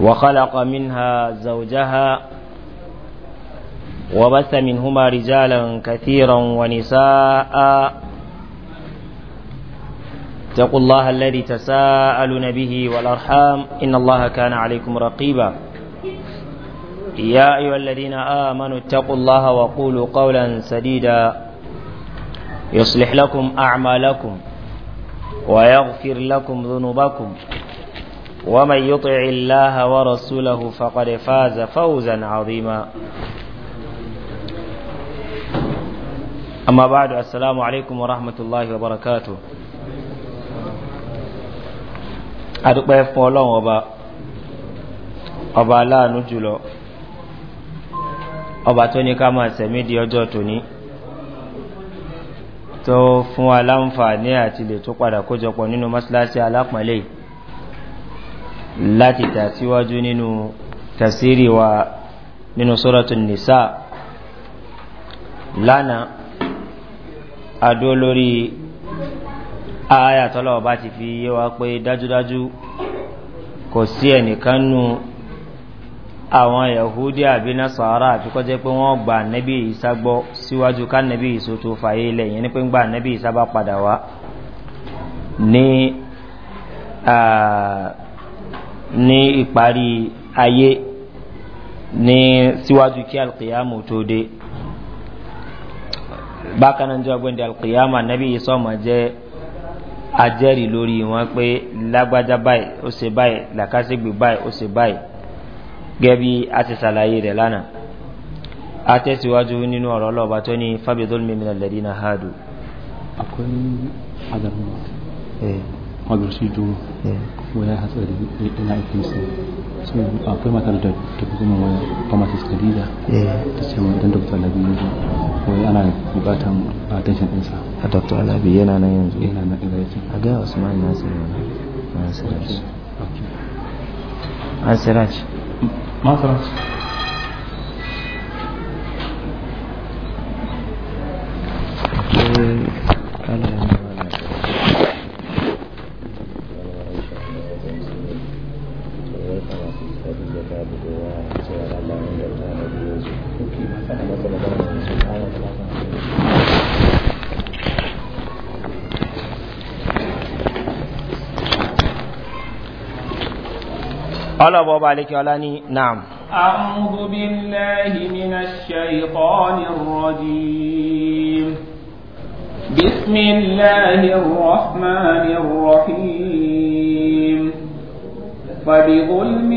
وخلق منها زوجها وبث منهما رجالا كثيرا ونساء اتقوا الله الذي تساءلون به والأرحام إن الله كان عليكم رقيبا يا أيها الذين آمنوا اتقوا الله وقولوا قولا سديدا يصلح لكم أعمالكم ويغفر لكم ذنوبكم ومن يطع الله ورسوله فقد فاز فوزا عظيما أما بعد السلام عليكم ورحمة الله وبركاته adúpẹ́ fún ọlọ́run ọba ọba aláàánú jùlọ ọba tó ní ká máa sẹ̀mí di ọjọ́ tòní tó fún aláǹfààní àti lè tó padà kójọpọ̀ nínú mọ́síláṣí alápọ̀nlé yìí láti tàsíwájú nínú tàsírí wa nínú sọ́rọ̀tún nìsá lánàá adó lórí ayatollah ọba ti fi yé wa pé dájúdájú kò sí ẹnìkan nù àwọn yahudi àbí nasara àti kọjá pé wọn gba nẹbí ìsá gbọ síwájú ká nẹbí ìsó tó fàyè ilẹ̀ yẹn ni pé ń gba nẹbí ìsá bá padà wá ní ní ìparí ayé ní síwájú kí alkiyamu tó dé bákan náà jẹ́ ọgbẹ́ndẹ̀ alkiyama nabi yìí sọ́mọ jẹ́ ajẹ́rì lórí wọn pé lágbájá báyìí ó ṣe báyìí làkàṣègbè báyìí ó ṣe báyìí gẹ́bí a ti ṣàlàyé rẹ̀ lánàá a tẹ̀síwájú nínú ọ̀rọ̀ ọlọ́ọ̀bá tó ní fábíyẹ́dọ́lùmí mi nà lẹ́dínà hádùn. akwai adarmọ́tì. magar shi to ko ya ina aikin sa da ta pharmacist Khadija hmm. ta ce mun dan Dr. Alabi yanzu ko ana bukatan attention din sa a Dr. Alabi yana nan yanzu yana nan yake a ga Usman Nasir قال أبو عليك ولاني نعم أعوذ بالله من الشيطان الرجيم بسم الله الرحمن الرحيم فبظلم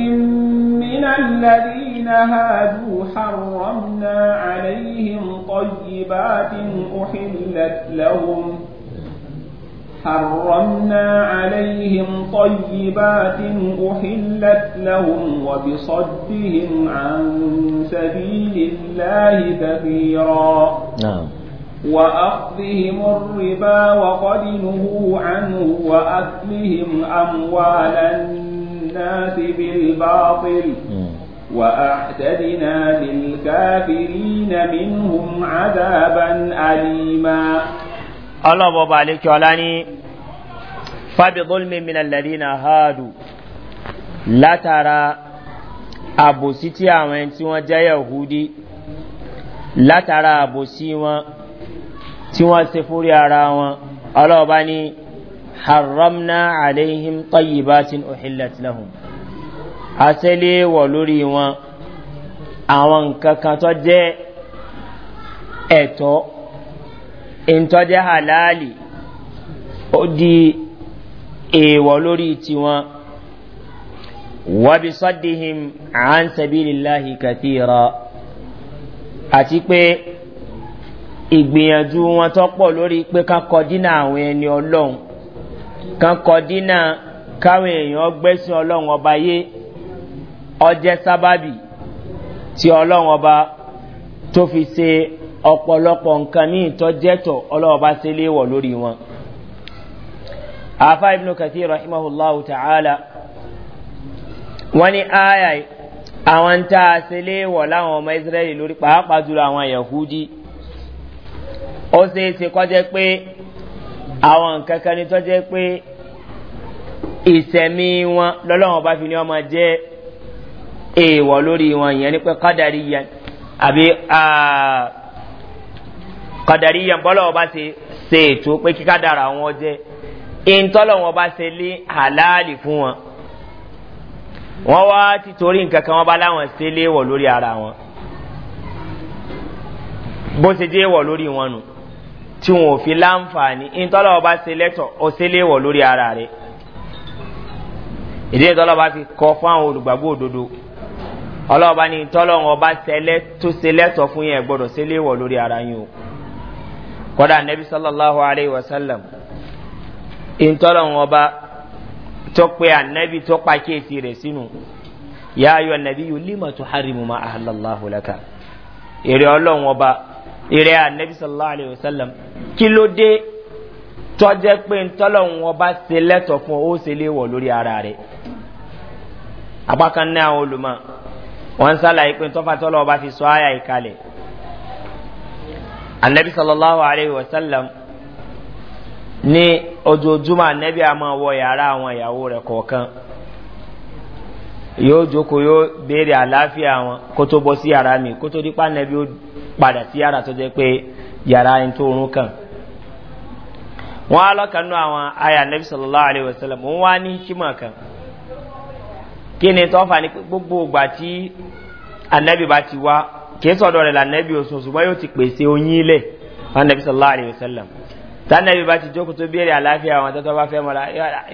من الذين هادوا حرمنا عليهم طيبات أحلت لهم حرمنا عليهم طيبات أحلت لهم وبصدهم عن سبيل الله كثيرا نعم وأخذهم الربا وقد نهوا عنه وأكلهم أموال الناس بالباطل نعم. وأعتدنا للكافرين منهم عذابا أليما ọlọ́bọ̀ bá lè kí ọlá ní fábíbólmi minalari na haadu látara àbòsí tí àwọn ẹni tí wọ́n jẹ́ yahudi látara àbòsí wọn tí wọ́n se fúrí ara wọn ọlọ́ọ̀bá ní haramna aleihim tayyibatin ohilatiláhùn asẹ́lẹ̀ wọ̀ lórí wọn àwọn nǹkan kan tó jẹ́ ẹ̀tọ́ ntọ́jẹ́ halali ó di èèwọ̀ lórí tiwọn wàbí sọ́dihim àn sabilillahi kàtírà àti pé ìgbìyànjú wọn tọ́pọ̀ lórí pé ká kọ dínà àwọn ẹni ọlọ́run ká kọ dínà káwọn èèyàn gbẹ́sìn ọlọ́run ọba yé ọjẹ́ sábàbí tí ọlọ́run ọba tó fi ṣe ọ̀pọ̀lọpọ̀ nǹkan ní ìtọ́jẹ́tọ̀ ọlọ́ọ̀bá sí lé wọ̀ lórí wọn àfá ibn kathir rahimahullahu ta'ala wọ́n ni ayà àwọn ń tàà sí lé wọ̀ láwọn ọmọ israeli lórí pàápàá jùlọ àwọn yahudi ó sì ti kọjẹ́ pé àwọn nǹkan kan ní tọ́jẹ́ pé ìsẹ̀mí wọn lọ́lọ́wọ́n bá fi ní ọmọ jẹ́ èèwọ̀ lórí wọn ìyẹn ní pé kádàrí yẹn àbí kọ̀dàrí yẹn bọ́lá ọba ṣe ṣe ètò pé kíkà dára wọn jẹ́ ìntọ́lọ̀ wọn bá ṣe lé àláàlì fún wọn wọ́n wá ti torí nǹkan kan wọ́n bá láwọn ṣe léwọ̀ lórí ara wọn bó ṣe jẹ́ wọ̀ lórí wọn nù tí wọn ò fi láǹfààní ìntọ́lọ̀ ọba ṣe lẹ́tọ̀ ó ṣe léwọ̀ lórí ara rẹ̀ ìdí ìtọ́lọ̀ bá fi kọ fún àwọn olùgbàgbọ́ òdodo ọlọ́ọ̀bá ni ìtọ́lọ̀ wọn bá ṣe lẹ́tọ̀ fún yẹn gbọ́dọ̀ ṣe léwọ̀ lórí ara yín o kọ́dà nẹ́bí sallallahu alayhi wa sallam ìtọ́lọ̀ wọn bá tó pe ànẹ́bí tó pa kéèsì rẹ̀ sínú yá ayọ̀ ànẹ́bí yóò lè mọ̀tò harimu ma ahalallahu laka èrè ọlọ́run ọba èrè ànẹ́bí sallallahu alayhi wa sallam kí ló dé tọ́jẹ́ pé ntọ́lọ̀ wọn bá se lẹ́tọ̀ fún ó se lé wọ̀ lórí ara rẹ̀ apákan náà olùmọ̀ wọn sálàyé pé ntọ́fà tọ́lọ̀ ọba fi sọ anabi sallallahu alayhi wa sallam ní ojoojúmọ́ anabi a máa wọ yàrá àwọn ìyàwó rẹ̀ kọ̀ọ̀kan yóò jókòó yóò béèrè àlàáfíà wọn kó tó bọ́ sí yàrá mi kó tó dípa anabi ó padà sí yàrá tó jẹ́ pé yàrá ẹni tó rún kàn wọn á lọ́kànnú àwọn aya anabi sallallahu alayhi wa sallam wọn wá ní hikima kan kí ni tọ́fà ní gbogbo ìgbà anabi bá ti wá kìí sọ̀dọ̀ rẹ̀ lànàbí oṣù ṣùgbọ́n yóò ti pèsè oyin ilẹ̀ anabi sallallahu alayhi wa sallam tànàbí bá ti jókòó tó béèrè àlàáfíà àwọn tó tó bá fẹ́ mọ́ra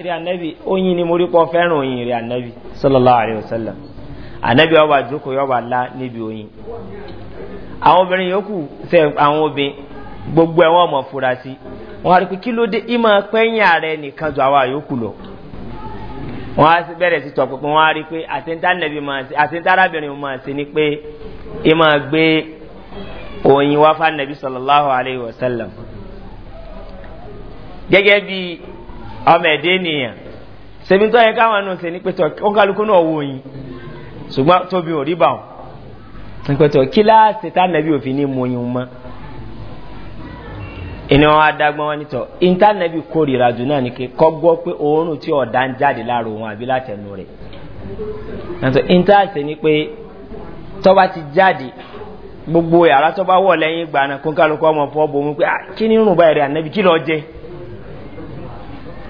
rí anabi oyin ni mo rí pọ́ fẹ́ràn oyin rí anabi sallallahu alayhi wa sallam anabi ọba jókòó yọba lá níbi oyin àwọn obìnrin yòókù sẹ àwọn obìnrin gbogbo ẹ̀wọ̀n ọmọ fura sí wọn á rí pé kí ló dé ìmọ̀ pẹ́yìn ààrẹ nìkan ju àwa yòókù lọ wọn á bẹ̀rẹ̀ sí tọ̀ pé wọn rí pé àtẹ̀ntà arábìnrin máa ni pé I ma gbe oyin wá fún anabi sallallahu alayhi wa sallam gẹ́gẹ́ bí ọmọ ẹ̀dẹ́ nìyẹn sẹ́mi tó yẹ káwọn náà ṣe ní pẹ̀tọ́ ó kálukú náà wò tóbi ò rí wọn ní kíláàsì tá òfin ní oyin mọ́ ìní wọn adágbọn wọn nítọ intanẹbi kórìíra jù náà ni kí kọgbọ pé oorun tí ọdá ń jáde láàrò wọn àbí látẹnu rẹ Tọba ti jáde gbogbo yàrá tọba wọ lẹ́yìn ìgbà náà kó kálukọ́ ọmọ fọ́ bomi pé ah, kí ni irun báyìí rẹ̀ ànábi kí lọ́ọ́ jẹ́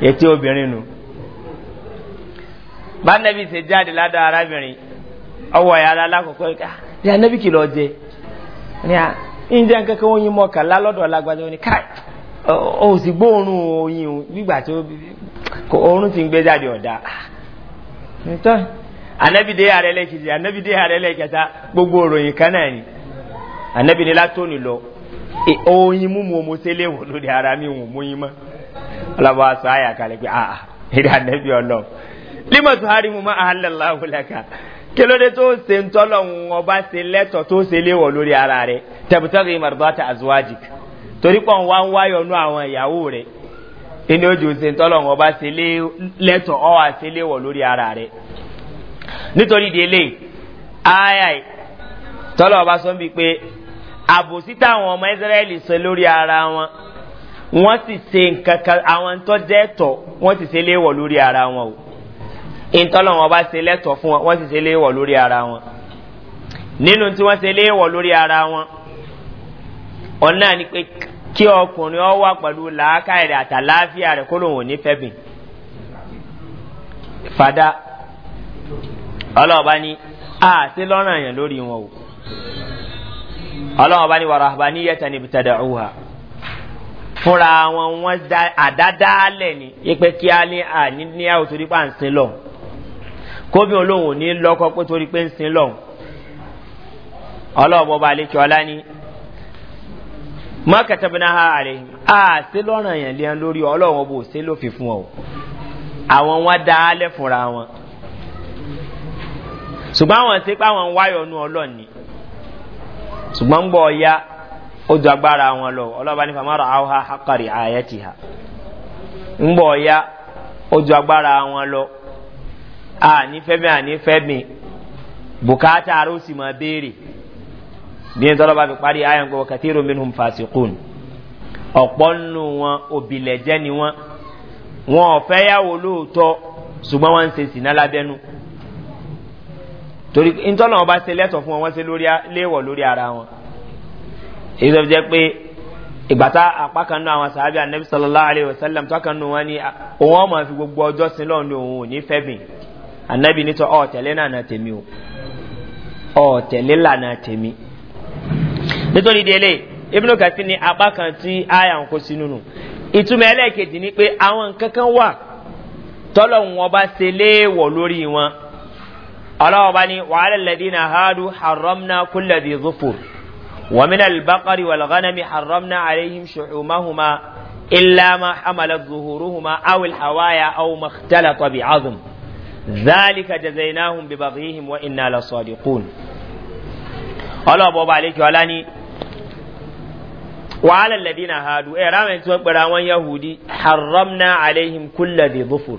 ètè obìnrin nù ṣe jáde ládàá arábìnrin ọwọ́ yàrá alákọ̀ọ́kọ́ ah, rẹ̀ ànábi kí ah, ní à ń jẹ́ oyin o tó oorun ti ń gbé jáde ọ̀dà anabi dé ààrẹ lẹ́kẹ̀tì anabi dé ààrẹ lẹ́kẹ̀ta gbogbo òròyìn kan náà ni anabi ni látòní lọ e, oyin mú mu omo tẹ́lẹ̀ wò lórí ara mi wò mú yin mọ́ alábọ̀ aṣọ àyà kalẹ̀ pé àà ah, eré anabi ọlọ́ limatu harimu ma ahalalahu laka kílódé tó ṣe ń tọ́lọ̀ ń ọba ṣe lẹ́tọ̀ tó ṣe léwọ̀ lórí ara rẹ̀ tẹ̀bùtẹ́rì mardata azuwajik torí pọ̀ wá ń wáyọ̀ nú àwọn ìyàwó rẹ̀ inú ojú ṣe ń ọba ṣe lẹ́tọ̀ ọ́ wà ṣe léwọ̀ lórí ara rẹ̀ nítorí délé ayáì tọ́lọ̀ ọba sọ ń bi pé àbòsí táwọn ọmọ ìsírẹ́lì sọ lórí ara wọn wọ́n sì ṣe nǹkan kan àwọn tó jẹ́ tọ̀ wọ́n sì ṣe léwọ̀ lórí ara wọn o ìtọ́lọ̀ wọn bá ṣe lẹ́tọ̀ fún wọn wọ́n sì ṣe léwọ̀ lórí ara wọn nínú tí wọ́n ṣe léwọ̀ lórí ara wọn ọ̀nà ni pé kí ọkùnrin ọ wà pẹ̀lú làákàyè àtàláfíà rẹ̀ kó lóun ò ní fẹ́ bìn fada ọlọ́ọ̀bá ní àti lọ́rùn àyàn lórí wọn o ọlọ́ọ̀bá ní wàrà àbá ní yẹta níbi tẹ̀dẹ̀ ọ̀hà fúnra wọn wọn àdádálẹ̀ ni ipe kí a ní àní ní àwòtò nípa ń sin lọ kóbi olóhùn ní lọ́kọ́ pé torí pé ń sin lọ ọlọ́ọ̀bọ̀ bá lékè ọlá ní mọ́kàtàbínà ha àlehìn àti lọ́rùn àyàn lórí ọlọ́wọ́n bò sí lófin fún ọ àwọn wọn dá fúnra wọn. ṣùgbọ́n àwọn ṣe pé àwọn ń wáyọ̀ nu ọlọ́ọ̀ni ṣùgbọ́n ń bọ̀ ọ̀ya ó ju agbára wọn lọ ọlọ́ba ní famara ha ń bọ̀ ọ̀ya ó ju agbára wọn lọ àní fẹ́mi àní fẹ́mi bùkátà ara máa béèrè bí ẹni tọ́lọ́ba fi parí ń gbọ́ ọ̀pọ̀ nù wọn òbílẹ̀ jẹ́ ni wọn wọn ò fẹ́ torí ntọ́nà ọba ṣe lẹ́tọ̀ fún wọn wọ́n ṣe léwọ̀ lórí ara wọn èyí tó fi jẹ́ pé ìgbàtà apá kan náà àwọn sàábì anabi sallallahu alayhi wa sallam tó kan nù wọn ni òun ọmọ fi gbogbo ọjọ́ sí lọ́wọ́ ní òun ò ní fẹ́ bìn anabi nítọ́ ọ̀ tẹ̀lé lànà tèmi o ọ̀ tẹ̀lé lànà tèmi nítorí délé ibùdó kàtí ni apá kan tí àyà ń kó sínú nù ìtumọ̀ ẹlẹ́ẹ̀kejì ni pé àwọn nǹkan wà tọ́lọ̀ wọn bá ṣe léèwọ̀ lórí wọn ọlọ́wọ́ bá ní wàhálà lẹ́dínà hadu haramna kúlẹ̀ di zufur wàmínà albakari walganami haramna alayhim shuhumahuma illa ma hamalat zuhuruhuma awil hawaya aw makhtala tabi azum zalika jazainahum bi baghihim wa inna la sadiqun ọlọ́wọ́ bọ́ bá lẹ́kì wàhálà lẹ́dínà hadu ẹ̀rọ àwọn tí wọ́n pẹ̀lú àwọn yahudi haramna alayhim kúlẹ̀ zufur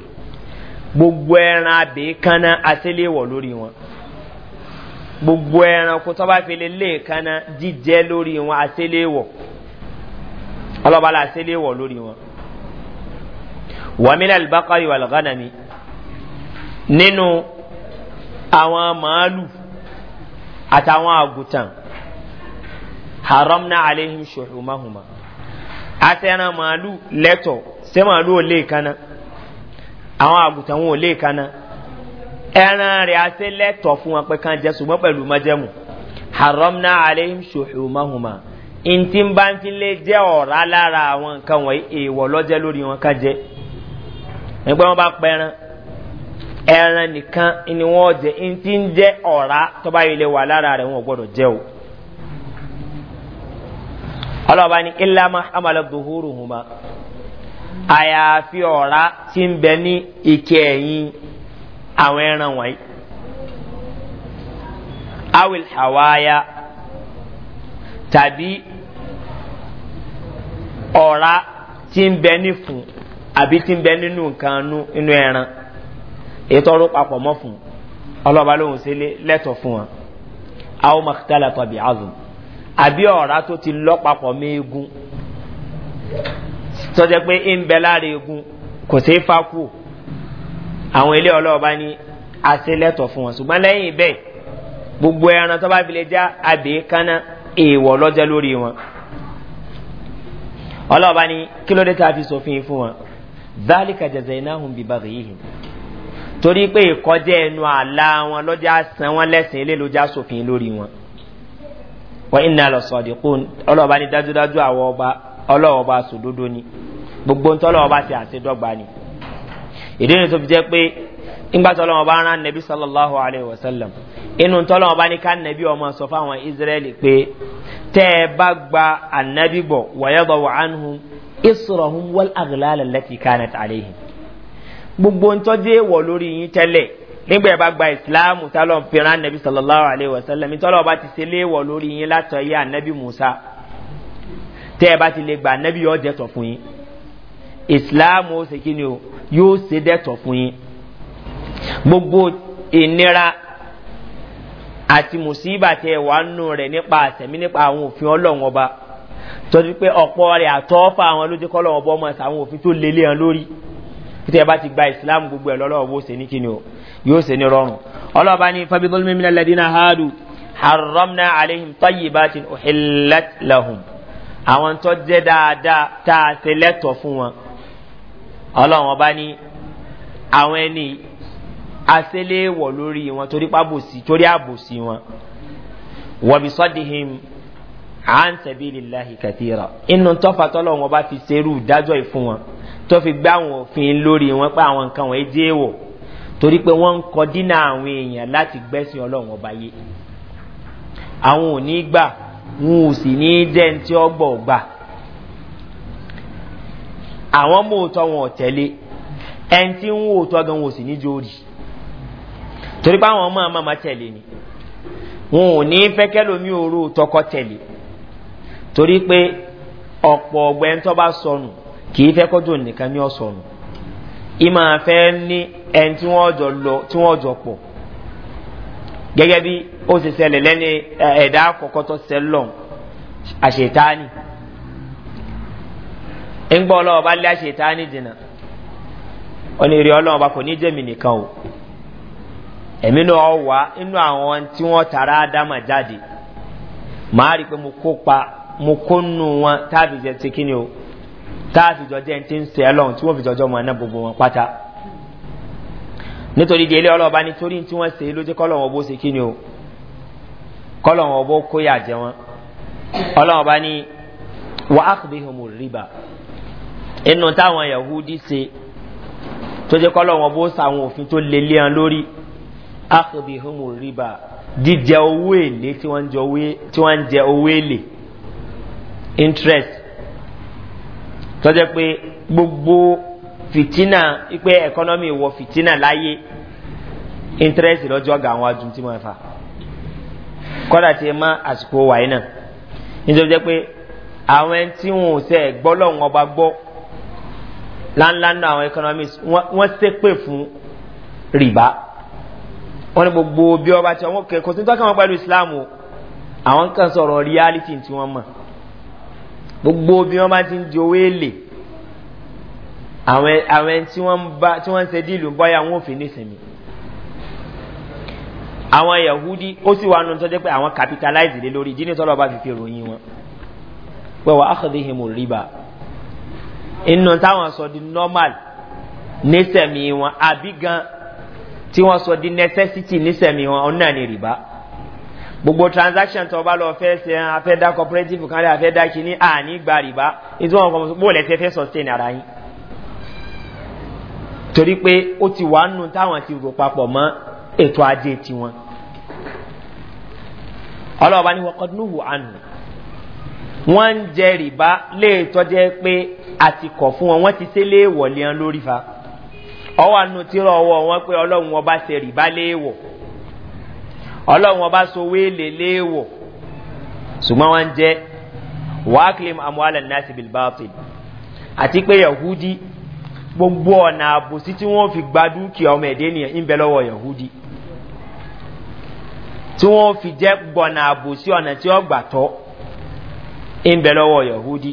gbogbo ẹran abè kaná àtẹléwọ̀ lórí wọn gbogbo ẹran kó tọ́ba fele léèkaná jíjẹ lórí wọn àtẹléwọ̀ ọlọ́balà àtẹléwọ̀ lórí wọn. wàmílẹ̀ albakari wàlgánami nínú àwọn màálù àtàwọn àgùtàn haramna alehim shuhumahuma àtẹran màálù lẹ́tọ̀ sẹ́ màálù ò léèkaná àwọn àgùntàn wọn ò lè kaná ẹran rẹ̀ àti lẹ́tọ̀ fún wọn pé kan jẹ́ ṣùgbọ́n pẹ̀lú májẹ̀mú haramna aleim ṣòhùmáhùmá ntí bá ń fi lé jẹ́ ọ̀rá lára àwọn nǹkan wọ̀nyí èèwọ̀ lọ́jẹ́ lórí wọn ká jẹ́ nígbà wọn bá pẹran ẹran nìkan ni wọn jẹ ntí ń jẹ́ ọ̀rá tọ́ba yìí lè wà lára rẹ̀ wọn ò gbọ́dọ̀ o ọlọ́ba ni ilá ma amala duhuru àyàfi ọ̀rá tí ń bẹ ní ike ẹ̀yìn àwọn ẹran wọ̀nyí. awil hawaya tàbí ọ̀rá tí ń bẹ ní fún àbí tí ń bẹ nínú nǹkan inú ẹran ètò ọ̀rọ̀ papọ̀ mọ́ fún ọlọ́ba lóhùn sí lẹ́tọ̀ fún wọn. àwọn makitala tọbi azùn àbí ọ̀rá tó ti lọ́ papọ̀ méegun. tọ́jẹ́ pé ń bẹ láre egun kò sí fákù àwọn ilé ọlọ́ọ̀bá ní aṣẹ́lẹ̀tọ̀ fún wọn ṣùgbọ́n lẹ́yìn bẹ́ẹ̀ gbogbo ẹran tó bá fi lè já abèé kaná èèwọ̀ lọ́jọ́ lórí wọn ọlọ́ọ̀bá ní kí ló dé tá a fi sòfin fún wọn zálìkà jẹ̀zẹ̀ iná hùn bíbá rèé hìn torí pé ẹnu àlá wọn lọ́jà san ọlọ́wọ́ bá sòdodo ni gbogbo ń tọ́lọ́wọ́ bá ti àṣedọ́gba ni ìdí ni tó fi jẹ́ pé ńgbà tọ́lọ́wọ́ bá rán nẹ́bí sallallahu alayhi wa sallam inú tọ́lọ́wọ́ bá ní ká nẹ́bí ọmọ sọ fáwọn israẹli pé tẹ́ ẹ bá gba ànábì bọ̀ wàyẹ́bọ̀ wà ánhùn israhun wal aglala lati kanat alayhim gbogbo ń tọ́jú èèwọ̀ lórí yín tẹ́lẹ̀ nígbà yẹn bá gba ìsìláàmù tálọ̀ ń pinra nẹ́bí sallallahu alayhi wa sallam tọ́lọ́wọ́ bá ti ṣe léèwọ̀ lórí yín látọ̀ yé ànábì musa tẹ́ ẹ bá ti lè gbà nẹ́bí yóò dẹ́tọ̀ fún yín islam ó ṣe kíni o yóò ṣe dẹ́tọ̀ fún yín gbogbo ìnira àti mùsíbà tẹ wà nù rẹ̀ nípa àtẹ̀mí nípa àwọn òfin ọlọ́run ọba tọ́jú pé ọ̀pọ̀ rẹ̀ àtọ́fà àwọn lójú kọ́ lọ́wọ́ bọ́mọ àtàwọn òfin tó lélẹ̀ hàn lórí títẹ̀ bá ti gba islam gbogbo ẹ̀ lọ́lọ́wọ́ bó ṣe ní kíni o yóò ṣe ní rọrùn ọlọ́ọ̀bá ní fábíbọ́lùmí mílẹ̀ lẹ́dínà háàdù haramna alehim tayyibatin uhillat lahum àwọn tó jẹ́ dáadáa tá a ṣe lẹ́tọ̀ fún wọn ọlọ́run ọba ní àwọn ẹni aṣeléwọ̀ lórí wọn torí pábòsí torí àbòsí wọn wọ̀bí sọ́dihim àǹsẹ̀bíliláhi kàtíra inú tọ́fà tọ́lọ́run ọba fi ṣerú dájọ́ ìfún wọn tó fi gbá àwọn òfin lórí wọn pé àwọn nǹkan wọ̀nyí jẹ́ èèwọ̀ torí pé wọ́n ń kọ dínà àwọn èèyàn láti gbẹ́sìn ọlọ́run ọba yé àwọn ò ní gbà wọn ò sì ní jẹ́ ní tí gbà àwọn mòótọ́ wọn ò tẹ̀lé ẹni tí ń wòótọ́ gan wọn ò sì ní jórí torí pé àwọn ọmọ àmọ́ máa tẹ̀lé ni wọn ò ní fẹ́kẹ́ òru tọkọ tẹ̀lé torí pé ọ̀pọ̀ ní ọ̀sọ̀nù ìmọ̀ àfẹ́ ní ẹni tí gẹ́gẹ́ bí ó ṣe sẹlẹ̀ lẹ́ni ẹ̀dá àkọ́kọ́ tó ṣẹlọ̀ àṣetáni ń gbọ́ ọlọ́wọ́ bá lé àṣetáni dìnnà onírè ọlọ́wọ́ bá kò ní jẹ́mi nìkan o ẹ̀mí náà wà inú àwọn tí wọ́n tara dámà jáde màá rí i pé mo kópa mo kó nù wọn ti o ti ń tí wọ́n fi jọjọ́ mọ̀ ẹ́ nítorí di ilé ọlọ́ọ̀bá nítorí tí wọ́n ṣe é lójú kọ́lọ́wọ́n bó ṣe kí ni o kọ́lọ́wọ́n bó kóyà jẹ wọn ọlọ́ọ̀bá ní wà á kùbí homo rìbá inú táwọn yahudi ṣe tó jẹ́ kọ́lọ́wọ́n bó ṣàwọn òfin tó lé lé wọn lórí á kùbí homo rìbá jíjẹ owó èlé tí wọ́n ń jẹ owó èlé interest tó jẹ́ pé gbogbo fitina ipe ẹkọnọmì wọ fìtínà láyé interest lọ́jọ́ ga àwọn adùn tí mo fà kọ́dà tí ẹ má àsìkò wàyí náà nítorí jẹ́ pé àwọn ẹni tí wọn ò sẹ́ gbọ́ lọ́wọ́n ọba gbọ́ láńlá náà àwọn economics wọ́n sépè fún rìbá wọ́n ní gbogbo bí ọba tí wọ́n kẹ́kọ̀ọ́ sí tọ́ka wọn pẹ̀lú islam o àwọn kan sọ̀rọ̀ reality tí wọ́n mọ̀ gbogbo bí wọ́n bá ti di owó èlé àwọn àwọn tí wọ́n bá tí wọ́n ń ṣe díìlù bọ́yá wọn ò fi ní sinmi àwọn yahudi ó sì wà nínú tọ́jú pé àwọn capitalize lé lórí ìdíni tọ́lọ́ bá fi fi ròyìn wọn pé wà á kọ́dé himu rìbá inú táwọn sọ di normal nísẹ̀mí wọn àbí gan tí wọ́n sọ di necessity nísẹ̀mí wọn ọ̀n náà ní riba. gbogbo transaction tó bá lọ fẹ́ ṣe afẹ́ dá cooperative kan lé afẹ́ dá kínní àní gba rìbá nítorí wọn kọ́ mọ́ bó lẹ́sẹ̀ fẹ́ sustain ara yín torí pé ó ti wà nù táwọn ti rò papọ̀ mọ́ ètò ajé tiwọn ọlọ́ọ̀bá ni wọ́n kọ́ núhù àná wọ́n ń jẹ rìbá léètọ́ jẹ́ pé àti kọ̀ fún wọn wọ́n ti sé léèwọ̀ lẹ́yìn lórí fa ọwọ́ àánú tírọ̀ ọwọ́ wọn pé ọlọ́run ọba ṣe rìbá léèwọ̀ ọlọ́run ọba so wéèlè léèwọ̀ ṣùgbọ́n wọ́n ń jẹ́ wàá kílìm amúhálà nàásì bilbaati àti pé yahudi gbogbo ọ̀nà àbòsí tí wọ́n fi gba dúkìá ọmọ ẹ̀dẹ́ nìyẹn ń bẹ lọ́wọ́ yahudi tí wọ́n fi jẹ́ gbọ̀nà àbòsí ọ̀nà tí wọ́n gbà tọ́ ń bẹ lọ́wọ́ yahudi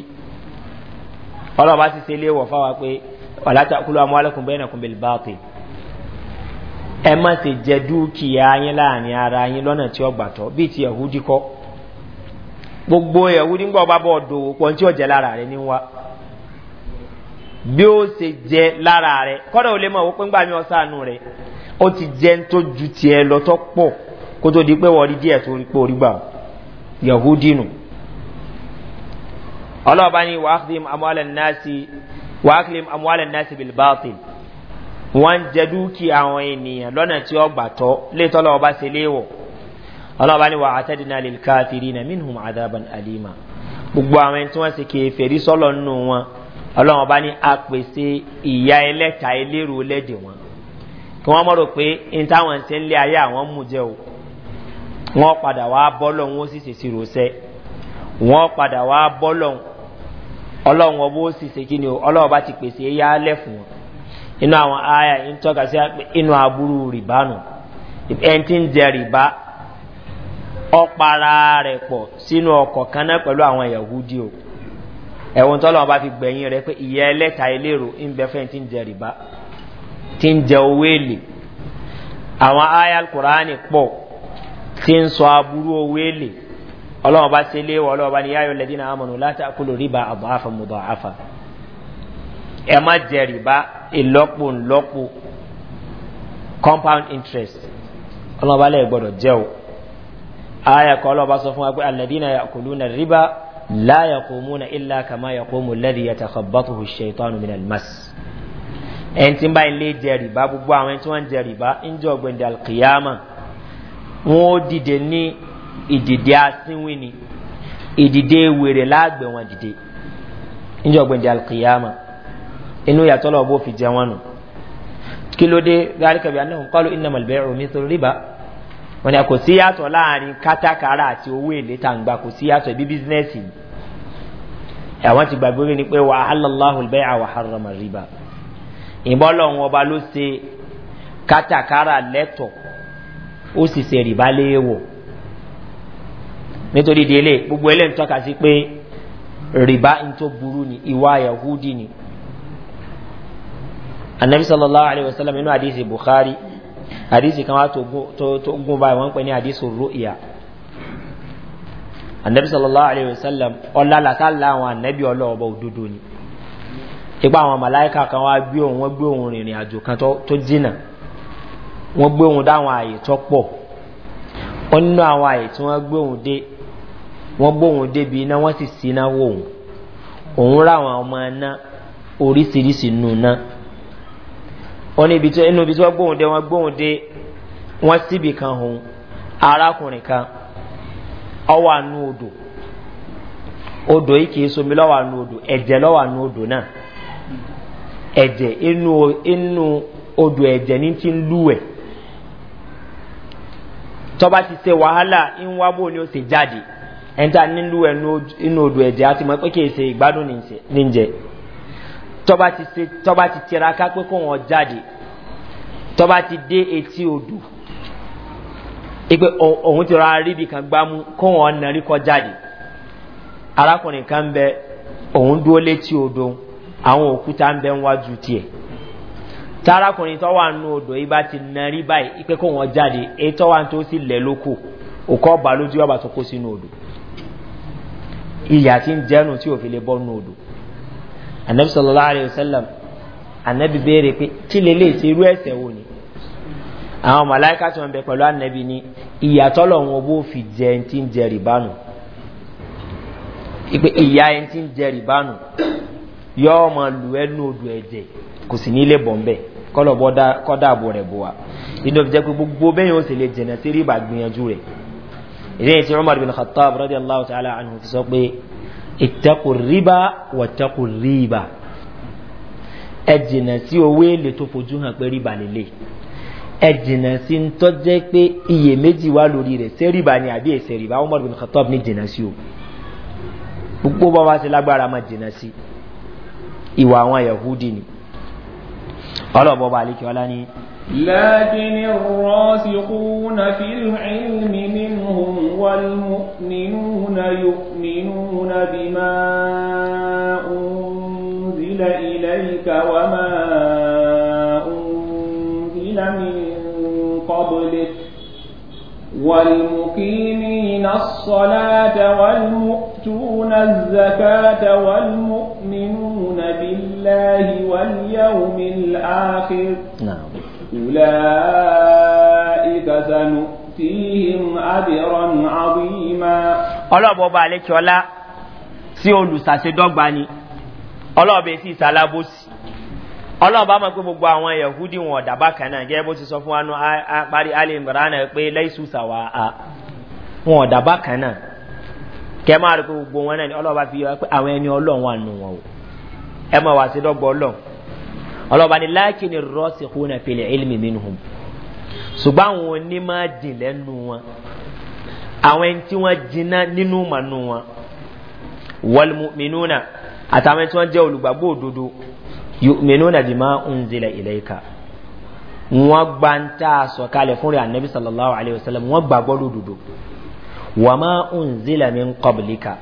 ọlọ́ba ti ṣe léwọ̀ fáwa pé ọ̀làtà kúlọ̀ ọmọ alákùnbẹ́ ẹ̀nà kùnbẹ́ lè bá pè ẹ má ṣe jẹ dúkìá yín láàrin ara yín lọ́nà tí wọ́n gbà tọ́ bíi ti yahudi kọ́ gbogbo yahudi ń gbọ́ bá bọ̀ dòwò pọ̀ bí ó ṣe jẹ lára rẹ kọ́dọ̀ ò lè mọ̀ wípé ńgbà mi ọ̀sánù rẹ ó ti jẹ́ ń tó ju tiẹ̀ lọ tó pọ̀ kó tó di pé wọ́n rí díẹ̀ tó rí pé orí gbà ó yahudi nù. ọlọ́ọ̀bá ni wàhálìm amúhálẹ̀ nàásì wàhálìm bilbaati wọ́n jẹ dúkìá àwọn ènìyàn lọ́nà tí ó tọ́ létọ́ lọ́wọ́ ṣe léwọ̀ ọlọ́ọ̀bá ni wàhátẹ́dínà lè káfírí nà mí ọlọ́run bá ní apèsè ìyá ẹlẹ́ta eléru lẹ́dì wọn kí wọ́n mọ̀ rò pé n táwọn ṣe ń lé ayé àwọn mú jẹ́ o wọ́n padà wá bọ́lọ̀ wọn ó sì ṣèṣì rọ̀ṣẹ́ wọ́n padà wá bọ́lọ̀ ọlọ́run ọwọ́ ó sì ṣe kí ni o ọlọ́run bá ti pèsè yá lẹ̀ fún wọn inú àwọn aya ń tọ́ka sí inú aburú rìbá nù ẹni tí ń jẹ rìbá ọ̀para rẹ̀ pọ̀ sínú ọkọ̀ kan náà pẹ̀lú àwọn yahudi ẹ̀wọ̀n tó lọ́wọ́ bá fi gbẹ̀yìn rẹ̀ pé ìyá ẹlẹ́ta eléro ń bẹ fẹ́ tí ń jẹ rìbá tí ń jẹ owó èlé àwọn ayal kùránì pọ̀ tí ń sọ aburú owó èlé ọlọ́wọ́ bá ṣe léwọ̀ ọlọ́wọ́ bá ní yáyọ̀ lẹ́dí náà amọ̀nù láti àkúlò rìbá àbọ̀ àfà mọ̀dọ̀ àfà ẹ má jẹ rìbá ìlọ́pọ̀ ńlọ́pọ̀ compound interest ọlọ́wọ́ bá lẹ́yìn gbọ́dọ̀ jẹ́ o ayakọ̀ ọlọ́wọ́ bá sọ fún wa pé alẹ́dí náà yà la yaqumuna illa kama yaqumu alladhi yatakhabbathu ash-shaytanu min al-mas en tin ba ile je riba gbogbo àwọn en tí wọ́n je riba injo gbendi al-qiyama wọ́n ó dìde ní ìdìde asínwín ni ìdìde wèrè láàgbẹ̀ wọn dìde injo gbendi al-qiyama inú yàtọ̀ lọ́wọ́ bó fi jẹ wọn nù kí ló dé gáríkà bí anáhùn kọ́lù iná màlbẹ́rù mi tó rí bá wọn ni kò síyàtọ̀ láàrin kátàkárà àti owó èlé tá à ń gbà kò síyàtọ̀ ibi bísínẹ́sì yìí àwọn ti gbàgbé ni pé wà á lọ́láhùn bẹ́ẹ̀ àwọn haram riba ìbọn lọ́wọ́ ọba ló ṣe kátàkárà lẹ́tọ̀ ó sì ṣe rìbá léèwọ̀ nítorí délé gbogbo ẹlẹ́ni tọ́ka sí pé rìbá ń tó burú ni ìwà yahudi ni anabi sallallahu alayhi wa sallam inú àdìsí bukhari hadisi kan wá to gún báyìí wọ́n ń pè ní hadisi ru'iya annabi sallallahu alaihi wasallam sallam ọlá làtàlá àwọn annabi ọlọ́ọ̀bọ òdodo ni ipa àwọn màláìka kan wá gbé òun wọ́n gbé òun rìnrìn àjò kan tó jìnà wọ́n gbé òun dáwọn àyè tó pọ̀ ó nínú àwọn àyè tí wọ́n gbé òun dé wọ́n gbé òun débi iná wọ́n sì sí iná wò òun òun ráwọn ọmọ iná oríṣiríṣi nù náà wọn ní inú ibi tí wọ́n gbóhùn dé wọ́n gbóhùn dé wọ́n síbi kan hùn arákùnrin kan ọwọ́ àánú odò odò yìí kìí somi lọ́wọ́ àánú odò ẹ̀jẹ̀ lọ́wọ́ àánú odò náà ẹ̀jẹ̀ inú odò ẹ̀jẹ̀ ní ti ń lúwẹ̀ tọ́ba ti wàhálà ni ó ṣe jáde ẹ̀ńtà nílùú inú odò àti pé tọ́ba ti se tọ́ba ti tiraka pé kó wọn jáde tọ́ba ti dé etí odò ipe òun ti rọ aríbi kan gbámú kó wọn nàrí kọ jáde arákùnrin kan ń bẹ òun dúró létí odò àwọn òkúta ń bẹ ń wájú tiẹ̀ tárákùnrin tó nù odò yìí bá ti nàrí báyìí ipe kó wọn jáde èyí tó wà tó sì lẹ̀ lóko òkọ́ ọba lójú ọba tó kó sínú odò ìyà ti ń jẹ́nu tí òfin lè bọ́ nù odò anabi sallallahu alayhi wa sallam anabi béèrè pé kí lélẹ̀ ṣe irú ẹ̀sẹ̀ wo ni àwọn màláìka tí wọn bẹ pẹ̀lú anabi ni ìyàtọ̀ lọ́wọ́ bó fi jẹ ẹni tí ń jẹ rìbánu ìpè ìyá ẹni tí ń jẹ rìbánu yọọ máa lu ẹnu odò ẹ̀jẹ̀ kò sì ní ilé bọ̀m̀bẹ̀ kọ́lọ̀ kọ́dà àbò rẹ̀ bọ̀ wá inú ọ̀fíjẹ́ pé gbogbo bẹ́yìn ó sì lè jẹ̀nà sí rí ìbàgbìyànjú rẹ̀ ìdí èyí tí umar bin khattab radiyallahu ta'ala anhu ti sọ pé ittaqur riba wattaqur riba ẹ jìnà sí owó èlé tó fojú hàn pé riba lélẹ̀ ẹ jìnà sí ń tọ́jẹ́ pé iyèméjì wà lórí rẹ̀ ṣé riba ni àbí ẹ̀ṣẹ̀ riba umar bin khatab ní jìnà sí o gbogbo bá wá sí lágbára máa jìnà sí ìwà àwọn yahudi ni ọlọ́bọ̀ bá alékẹ́ ọlá ní láàkíní rọ́sìkú na fílùmí nínú wàlmù nínú يؤمنون بما أنزل إليك وما أنزل من قبلك والمقيمين الصلاة والمؤتون الزكاة والمؤمنون بالله واليوم الآخر نعم أولئك سنؤتيهم أجرا عظيما ọlọ́ọ̀bọ̀ba alẹ́kíọ́lá sí olùsàṣedọ́gba ni ọlọ́ọ̀bẹ sì sálábòsì ọlọ́ọ̀bá máa pé gbogbo àwọn yahudi wọn ọ̀dà bákan náà gẹ́gẹ́ bó ti sọ fún wa nù parí alẹ́ ìmọ̀ràn pé lẹ́sù sàwà á wọn ọ̀dà bákan náà kẹ́ máa rí pé gbogbo wọn náà ni ọlọ́ọ̀bá fi yọ pé àwọn ẹni ọlọ́ọ̀wọ̀n àánú wọn o ẹ máa wà sí dọ́gba ọlọ́ọ̀bá ni láàkì ni rọ́ọ̀sì kúnà fìlẹ̀ ilmi minhum ṣùgbọ́n àwọn onímọ̀ dìlẹ́nu wọn àwọn ẹni tí wọ́n jiná nínú mànú wọn wàlmùmínúnà àtàwọn ẹni tí wọ́n jẹ́ olùgbàgbọ́ òdodo yùmínúnà bí máa ń zilẹ̀ ilẹ̀ ìka wọ́n gba ń tà sọ̀kalẹ̀ fúnra anabi sallallahu alayhi wa sallam wọ́n gbàgbọ́ lódodo wà máa ń zilẹ̀ mi ń kọ́bìlíkà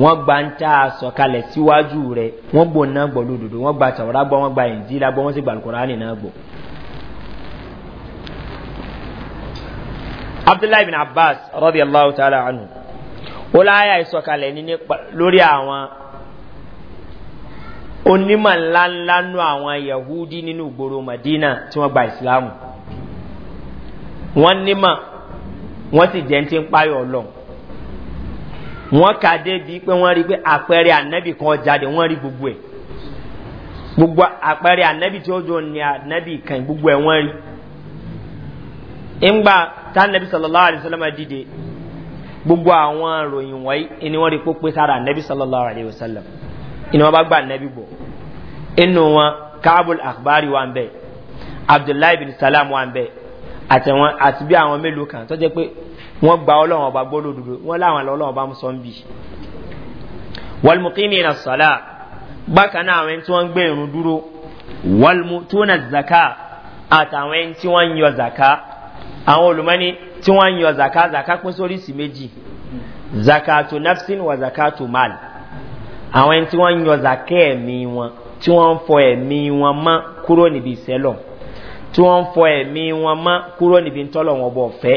wọ́n gba ń tà sọ̀kalẹ̀ síwájú rẹ̀ wọ́n gbọ́ náà gbọ́ lódodo wọ́n gba tàwọ́rá gbọ́ wọ́n gba ìǹzílá gbọ́ wọ́n sì gbàlùkọ́rá abdullahi bin abbas radiyallahu ta'ala anhu ó láyà ìsọkalẹ̀ ní lórí àwọn onímọ̀ ńláńlá nú àwọn yahudi nínú ìgboro madina tí wọ́n gba ìsìláàmù wọ́n nímọ̀ wọ́n sì jẹ́ ti ń páyọ̀ ọlọ́run wọ́n kà dé bíi pé wọ́n rí pé àpẹẹrẹ ànábì kan jáde wọ́n rí gbogbo ẹ̀ gbogbo àpẹẹrẹ ànábì tí ó jọ ní ànábì kan gbogbo ẹ̀ wọ́n rí ńgbà tá nẹ́bí sọlọ́lá àdìsọ́lọ́mà dìde gbogbo àwọn ròyìn wọ̀nyí ni wọ́n rí pópé sára nẹ́bí sọlọ́lá àdìsọ́lọ́m ni wọ́n bá gbà nẹ́bí bọ̀ inú wọn káàbùl àkbárì wà ń bẹ̀ abdullahi bin salam wà ń bẹ̀ àtẹ̀wọn àti bí àwọn mélòó kan tó jẹ́ pé wọ́n gba ọlọ́run ọba gbọ́ lódodo wọ́n láwọn ọlọ́run ọba sọ ń bì wàlmùkí mi nà sọ́lá bákan náà àwọn ẹni tí wọ́n ń irun dúró wàlmù tó nà zaka àtàwọn ẹni tí wọ́n ń àwọn olùmọ́ni tí wọ́n ń yọ zaka zaka pín sórí sí méjì zakato nafsin wa zakato mal àwọn ẹni tí wọ́n ń yọ zaka ẹ̀mí wọn tí wọ́n ń fọ ẹ̀mí wọn mọ́ kúrò níbi ìsẹ́lọ̀ tí wọ́n ń fọ ẹ̀mí wọn mọ́ kúrò níbi ntọ́lọ̀ wọn bọ̀ fẹ́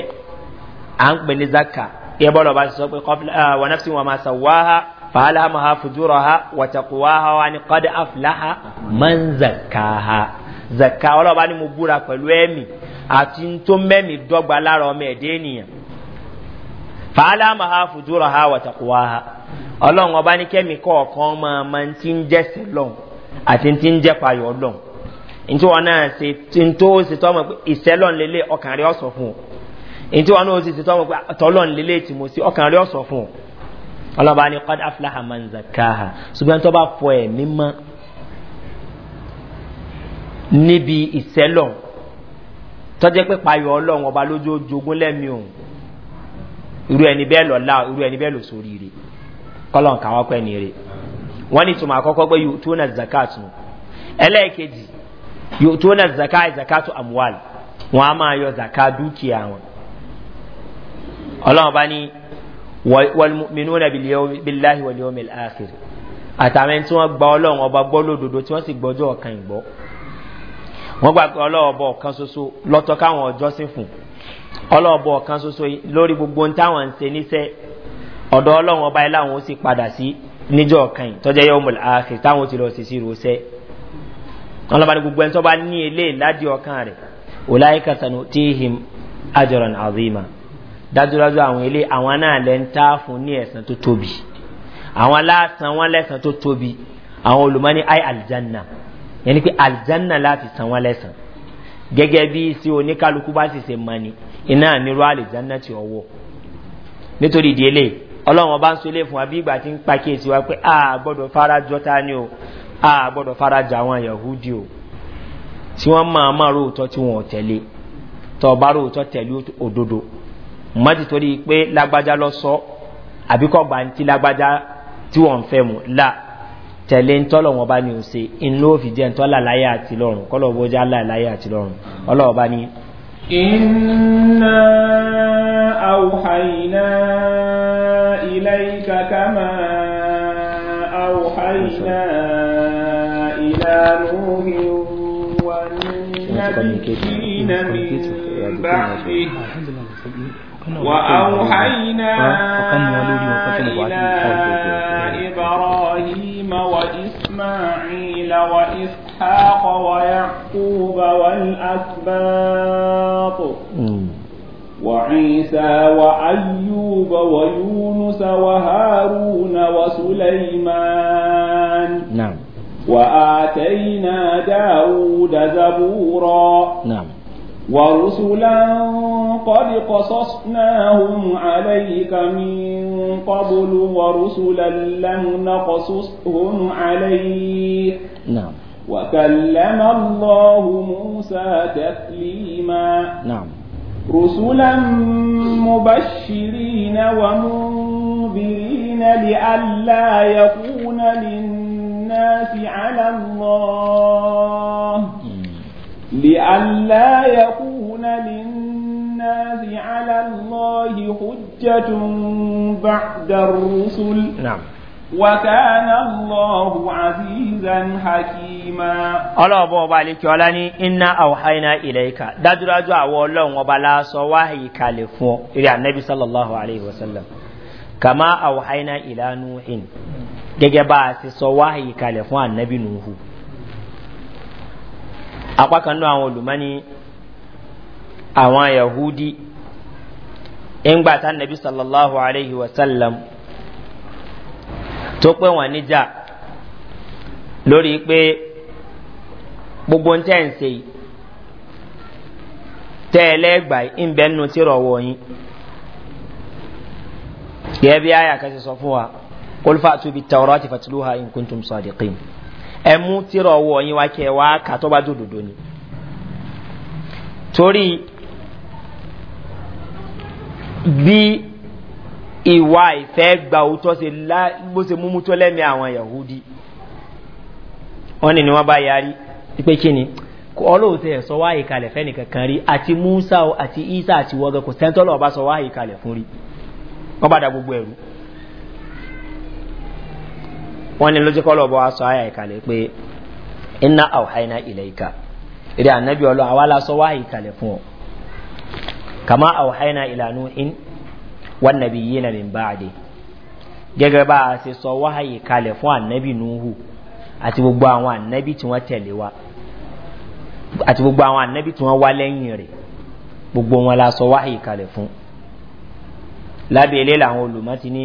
à ń pè ní zaka ìyẹn bọ́lọ̀ bá sọ pé ah, wọn nafsin wa ma sa wáhá fàálàmàhà fùjúrọ̀há wàtàkùwáhá wa ni kọ́dá afláhá mọ́ ń zaka ọlọ́ba ni mo àti tó mẹ́mí dọ́gba lára ọmọ ẹ̀dẹ́ ènìyàn fàálà máa fùdúrọ̀ ha wàtàkùwà ha ọlọ́run ọba ní kẹ́mi kọ̀ọ̀kan máa máa ti ń jẹ́sẹ̀ lọ́n àti ti ń jẹ́ payọ̀ lọ́n ntí wọn náà ṣe tí tó ṣe tọ́mọ̀ pé ìṣẹ́lọ́n lélẹ̀ ọkàn rẹ̀ ọ̀sọ̀ fún ntí wọn náà ṣe ṣe tọ́mọ̀ pé tọ́lọ́n lélẹ̀ tì mọ̀ sí ọkàn rẹ̀ ọ̀sọ̀ fún un ọlọ́ba ní kọ́dá tọ́jẹ́ pé payọ̀ ọlọ́run ọba lójó jogún lẹ́mí òun irú ẹni bẹ́ẹ̀ lọ́la irú ẹni bẹ́ẹ̀ lò sórí rẹ̀ kọ́lọ̀ nǹkan wọ́pẹ́ ni rẹ̀ wọ́n ní ìtumọ̀ àkọ́kọ́ pé yóò tó na zakat nù ẹlẹ́ẹ̀kejì yóò tó na zakat zakat amuwal wọn a máa yọ zakat dúkìá wọn ọlọ́run ọba ní wàlmínú na bíláhi wàlíọ́mìl àkìrì àtàwọn tí wọ́n gba ọlọ́run ọba gbọ́ lódodo tí wọ́n sì gbọ́jọ́ ọ̀kan ìgbọ́ wọ́n gbà pé ọlọ́ọ̀bọ̀ kan ṣoṣo lọ́tọ́ káwọn ọjọ́ sí fún ọlọ́ọ̀bọ̀ kan ṣoṣo lórí gbogbo ń táwọn ń se níṣẹ́ ọ̀dọ̀ ọlọ́run ọba iláwọn ó sì padà sí níjọ́ kan tọ́jẹ́ yọ mọ̀lá ààfẹ́ táwọn ti lọ sí sí rosẹ́ ọlọ́ba ní gbogbo ẹni tó bá ní ilé ìládìí ọkàn rẹ̀ òláìka sanu tíhìm ajọ̀ràn àzima dájúdájú àwọn ilé àwọn náà lẹ́ ń tá fún ní ẹ̀sán tó tóbi àwọn aláàsán wọn lẹ́sàn tó tóbi àwọn olùmọ́ ní ai aljanna yẹn ni pé aljanna láti san wọn lẹ́sàn gẹ́gẹ́ bí sí oníkálukú bá sì ṣe mọ ni iná nírú aljanna ti ọwọ́ nítorí ìdí eléyìí ọba ń so fún wa bí ìgbà tí ń pàkíyèsí wa pé a gbọ́dọ̀ fara jọta ni o a gbọ́dọ̀ fara jà àwọn yahudi o tí wọ́n máa máa róòtọ́ tí wọ́n tẹ̀lé tọba róòtọ́ tẹ̀lé òdodo mọ́tì torí pé lágbájá lọ sọ àbíkọ́ gbà lágbájá tí wọ́n ń fẹ́ mu la tẹ̀lé ntọ́lọ̀ wọn bá ní o ṣe in ló fi jẹ́ ntọ́lá láyé àti lọ́rùn kọ́lọ̀ bó jẹ́ aláì àti lọ́rùn ọlọ́wọ́ bá ní. iná àwòhàìná ilé kàkà máa àwòhàìná ìlànà òhìn wà ní nàbí bá fi wà àwòhàìná ilé. ويعقوب والأسباط وعيسى وأيوب ويونس وهارون وسليمان نعم وآتينا داود زبورا نعم ورسلا قد قصصناهم عليك من قبل ورسلا لم نقصصهم عليك نعم وكلم الله موسى تكليما نعم رسلا مبشرين ومنذرين لئلا يكون للناس على الله لئلا يكون للناس على الله حجة بعد الرسل نعم وكان الله عزيزا حكيما الله بابا عليك ولاني إنا أوحينا إليك دادر أجوا والله وبلا صواهي كالفو إلى النبي صلى الله عليه وسلم كما أوحينا إلى نوح gẹ́gẹ́ bá a ti sọ wáhìí kalẹ̀ fún ànábì nùhù apá kan náà àwọn olùmọ́ni àwọn yahudi ń gbà tá ànábì sallallahu alayhi wa sallam tó pé wọn níjà lórí pé gbogbo ń tẹ̀ ń se yìí tẹ́ ẹ lẹ́gbà ń bẹ́ nínú tí rọ̀wọ́ yín yẹ bí àyà kan ṣe sọ fún wa kólfà tó bi tẹ̀wọ́rọ́ àti fatiluha nkuntum sadiqin ẹ mú tí rọ̀wọ́ yín wá kẹ́ wá kà tó bá dòdòdò ni torí bí ìwà ìfẹ́ gba òótọ́ ṣe bó ṣe múmú tó lẹ́mí àwọn yahudi wọ́n ni wọ́n bá yarí pé kí ni ọlọ́ọ̀tẹ̀ sọ wáyé kalẹ̀ fẹ́ni kankan rí àti musa àti isa àti wọ́gẹ́ kò sẹ́ńtọ́lọ̀ ọba sọ wáyé kalẹ̀ fún rí wọ́n bá da gbogbo ẹ̀rú wọ́n ní lójúkọ́lọ̀ ọba wa sọ ayà ìkalẹ̀ pé iná àwòháiná ilẹ̀ ìka ìrẹ́ ànábì ọlọ́ àwa la sọ wáyé kalẹ̀ fún ọ kàmá àwòháiná ìlànà wọn nàbí yìí nàbí báàdì gẹ́gẹ́ bá a ṣe sọ wáhàyè kalẹ̀ fún ànábì nuhu àti gbogbo àwọn ànábì tí wọ́n tẹ̀lé wa àti gbogbo àwọn ànábì tí wọ́n wá lẹ́yìn rẹ̀ gbogbo wọn la sọ wáhàyè kalẹ̀ fún lábẹ́ ilé làwọn olùmọ́ ti ní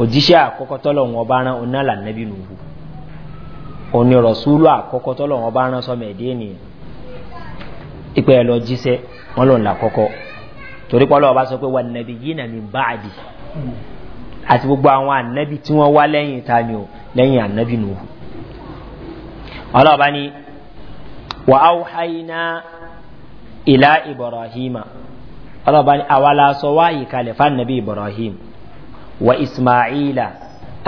òjíṣẹ́ àkọ́kọ́ tọ́lọ̀ wọn bá rán oná lànábì nuhu òní rọ̀súlù àkọ́kọ́ tọ́lọ̀ wọn bá rán sọmọ ẹ̀dẹ́ ènìyàn ìpẹ́ ẹ̀ lọ jíṣẹ́ wọn lòun làkọ́kọ́ torí pọ́ lọ́wọ́ bá sọ pé wà nàbí yìí nà mí bá àdì àti gbogbo àwọn ànábì tí wọ́n wá lẹ́yìn ta ni o lẹ́yìn ànábì nù. ọlọ́ọ̀bá ni wà á wáyíná ìlà ibrahima ọlọ́ọ̀bá ni àwa la sọ wáyé kalẹ̀ fún ànábì ibrahim wa ismaila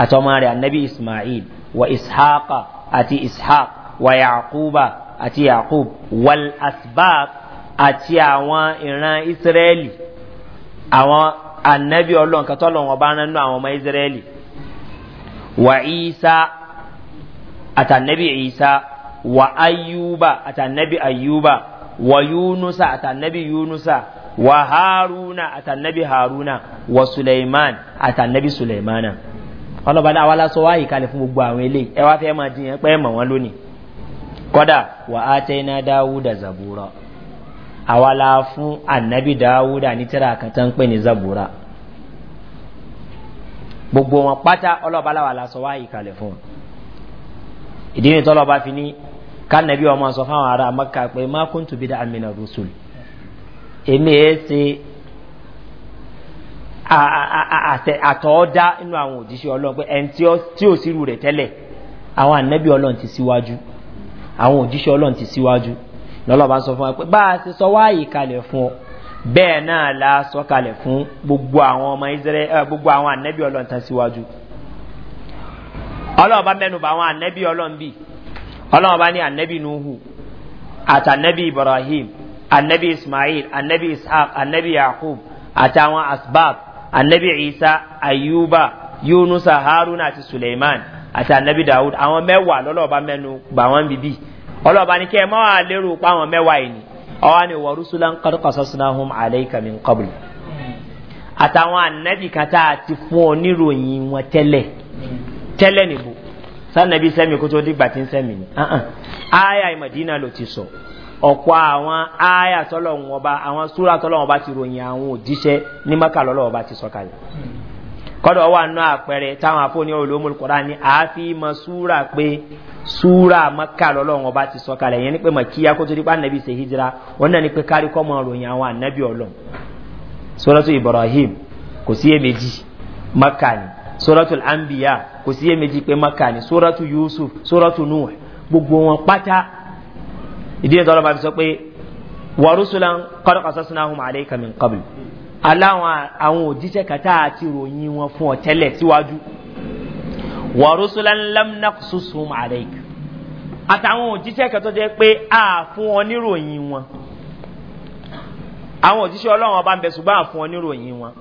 àtọmọ rẹ̀ ismail wa ishaqa àti ishaq wa yaquba àti yaqub wal asbaq àti àwọn ìran ìsírẹ́lì àwọn anabi ọlọ́nkà tọ́lọ̀ wọn bá nánú àwọn ọmọ ìsírẹ́lì wà Isa àtànẹ́bì ìsá wà Ayuba àtànẹ́bì ayúbà wà Yunusa àtànẹ́bì yúnúsà wà haruna àtànẹ́bì haruna wa suleiman àtànẹ́bì suleimana ọlọ́ba náà wà lásán wáyé kalẹ̀ fún gbogbo àwọn eléyìí ẹ wá fẹ́ máa dín yẹn pẹ́ mọ̀ wọ́n lónìí kọ́dà wà á tẹ́ iná dáwúdà zàbúrọ̀. Awala fún annabi dawuda ní tíra kan tán pè ní zabura gbogbo wọn pátá ọlọ́ba láwà lásọ wá ìkàlẹ̀ fún ìdí ni tọ́lọ́ba fi ní kánàbí ọmọ sọ fáwọn ará maka pé má kún tùbí dá amina rusul èmi ẹ e ṣe àtọ́ọ́dá inú àwọn òjíṣẹ́ ọlọ́run pé ẹni tí ó sírù rẹ̀ tẹ́lẹ̀ àwọn annabi ọlọ́run ti síwájú àwọn òjíṣẹ́ ọlọ́run ti síwájú. Si lọ́lọ́ba sọ fún wa pé bá a ti sọ wáyé kalẹ̀ fún ọ bẹ́ẹ̀ náà la sọ kalẹ̀ fún gbogbo àwọn ọmọ israẹ eh, gbogbo àwọn ànẹ́bí ọlọ́ntàn síwájú ọlọ́ọ̀bá mẹ́nuba àwọn ànẹ́bí ọlọ́ǹbì ọlọ́ọ̀bá ní ànẹ́bí nuhu àti ànẹ́bí ibrahim ànẹ́bí ismail ànẹ́bí ishaq ànẹ́bí yakub àtàwọn asbab ànẹ́bí isa ayuba yunusa haruna àti suleiman àti ànẹ́bí daoud àwọn mẹ́wàá lọ́lọ́ọ̀bá mẹ́nu bà wọ́n bíbí ọlọ́ọ̀bá ni kí ẹ máa lérò páwọn mẹ́wàá yìí ni ọwọ́ ni wọ́n rúṣúlá ń kọ́ kọ́sọ́sọ́nàhùn àlẹ́kàmí kọ́bùl àtàwọn ànábì kan tá a fún ọ wọn tẹ́lẹ̀ tẹ́lẹ̀ nìbo sanabi sẹ́mi kó tó dìgbà sẹ́mi ni aya ìmọ̀dínà ló ti sọ ọ̀pọ̀ àwọn aya tọ́lọ̀ wọn bá àwọn súra tọ́lọ̀ wọn bá ti ròyìn àwọn òjíṣẹ́ ní mọ́kàlọ́lọ́ wọn bá ti sọ kalẹ̀ kọ́dọ̀ wà nù àpẹẹrẹ táwọn afọ́ni olómọlù kọ́ra ni àáfi mọ súra pé súra maka lọ́lọ́run ọba ti sọ kalẹ̀ yẹn ni pé màkíyà kó tó di pa nàbí ṣe hijira wọn náà ni pé kárí kọ́ mọ ròyìn àwọn ànábì ọlọ́run sọ́lọ́tù ibrahim kò sí èméjì maka ni sọ́lọ́tù ambiya kò aláwọn àwọn òjíṣẹ́ kata àti ròyìn wọn fún ọ tẹ́lẹ̀ síwájú wàrúsùlán lamna susum aleik àtàwọn òjíṣẹ́ kàtà jẹ́ pé a fún ọ níròyìn wọn àwọn òjíṣẹ́ ọlọ́run ọba ń bẹ̀ ṣùgbọ́n a fún ọ níròyìn wọn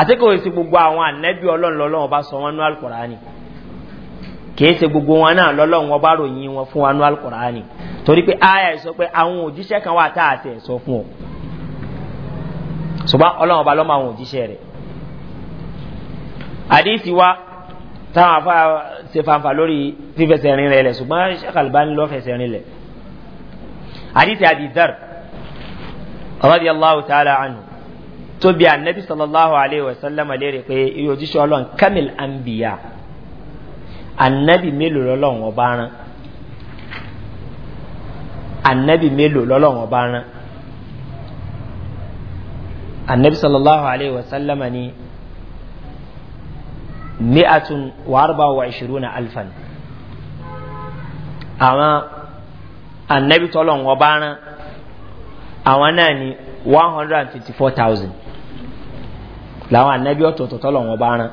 àti kò sí gbogbo àwọn ànẹ́bí ọlọ́run lọ́lọ́run ọba sọ wọn ní alukọ̀rání kìí ṣe gbogbo wọn náà lọ́lọ́run ọba ròyìn wọn fún wa ní alukọ̀rání torí pé aya sọ pé àwọn òjíṣẹ́ kan wà tá a tẹ̀ sọ fún ọ ṣùgbọ́n ọlọ́run ọba lọ́mọ àwọn òjíṣẹ́ rẹ̀ àdìsí wa táwọn afa ṣe fanfa lórí fífẹsẹ̀ rin rẹ̀ lẹ̀ ṣùgbọ́n ṣàkàlùbá ń lọ fẹsẹ̀ rin lẹ̀ àdìsí àdìsar rọ́bì aláwọ̀ tààlà ànú tó bí anabi sallallahu alayhi wa sallam léèrè pé iye òjíṣẹ́ ọlọ́run kamil anbiya anabi mélòó lọ́lọ́run ọba rán anabi mélòó lọ́lọ́run ọba rán annabi sallallahu alaihi wasallama ne mi'atun wa arba wa ishiruna alfan amma annabi tolon wa bana àwọn náà ni one hundred and fifty four thousand làwọn anabi ọ̀tọ̀ọ̀tọ̀ tọ́lọ̀ wọn bá rán.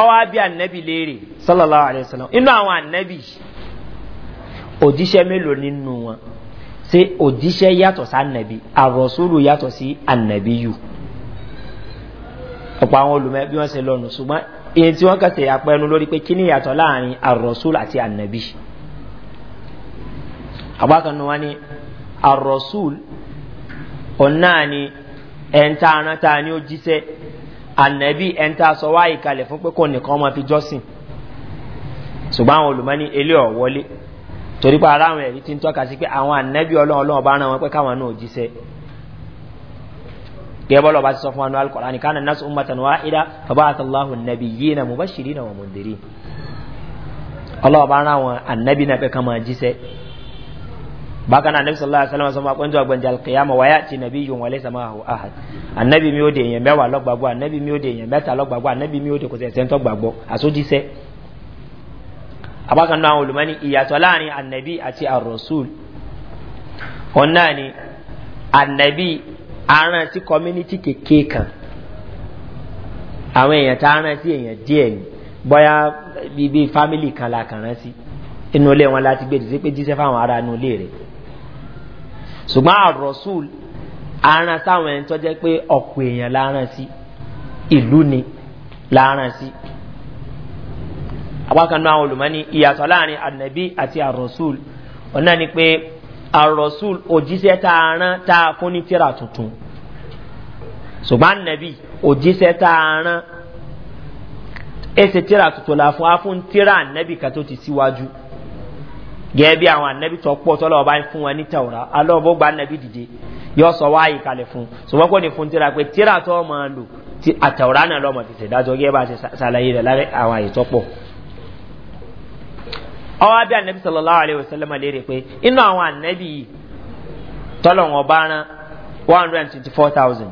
ọwọ́ abí anabi léèrè sallallahu alayhi wa sallam inú àwọn òjíṣẹ́ mélòó nínú wọn ṣé òjíṣẹ́ yàtọ̀ sí ànàbí àròsúrù yàtọ̀ sí ànàbí yù ọ̀pọ̀ àwọn olùmọ̀ bí wọ́n ṣe lọ́nu ṣùgbọ́n èyí tí wọ́n kà ṣe àpẹnu lórí pé kí ni yàtọ̀ láàrin àròsúrù àti ànàbí àbákan ni wọ́n ní àròsúrù ọ̀nà ni ẹ̀ńtà arántà ni ó ànàbí ẹ̀ńtà sọ wáyé kalẹ̀ fún pé kò nìkan ọmọ fi jọ́sìn ṣùgbọ́n àwọn olùmọ̀ ní elé ọ̀wọ́lé torí pé ara àwọn ẹ̀rí ti ń tọ́ka sí pé àwọn ànẹ́bí ọlọ́run ọlọ́run bá ràn wọ́n pé káwọn náà jíṣẹ́ gẹ́gẹ́ bọ́lọ̀ bá ti sọ fún wọn alukọ̀rọ̀ àní kánà náà sọ́mọ́ tàn wá ìdá bàbá àtàláhùn nàbí yìí nà mo bá ṣìrí nà wọ́n mo dèrè ọlọ́run bá ràn wọn ànẹ́bí náà pé ká máa jíṣẹ́ bákan náà anabi sallallahu alaihi wa sallam sọ pé apákan náà àwọn olùmọ́ni ìyàtọ̀ láàrin ànàbí àti àròsùl òun náà ni ànàbí aràn sí community kékeré kan àwọn èèyàn tá aràn sí èèyàn díẹ̀ ni bóyá bíi family kan la kàn rán sí inú ilé wọn láti gbé dùsí pé jíṣẹ́ fáwọn ará inú ilé rẹ̀ ṣùgbọ́n àròsùl aràn sáwọn ẹni tó jẹ́ pé ọ̀pọ̀ la rán sí ìlú ni la rán Si apákan náà àwọn olùmọ́ni ìyàtọ̀ láàrin a rán tá a a rán èsì tíra tuntun la fún afún tíra ànàbí kan tó ti síwájú gẹ́gẹ́ bí àwọn ànàbí tó pọ̀ tọ́lọ́ ọba ń fún wọn ní tẹ̀wọ́ra alọ́ọ̀bọ̀ gba ànàbí dìde yóò sọ wáyé kalẹ̀ fún ṣùgbọ́n kò ní fún tíra pé tíra tó máa lò àtẹ̀wọ́ra náà lọ́mọ tètè dájọ́ gẹ́gẹ́ bá ṣe ṣàlàyé rẹ̀ láwọn àyè tó ọwọ́ abẹ́ anabi sallallahu alayhi wa sallam léèrè pé inú àwọn anabi yìí tọ́lọ̀ wọn bá rán one hundred and twenty four thousand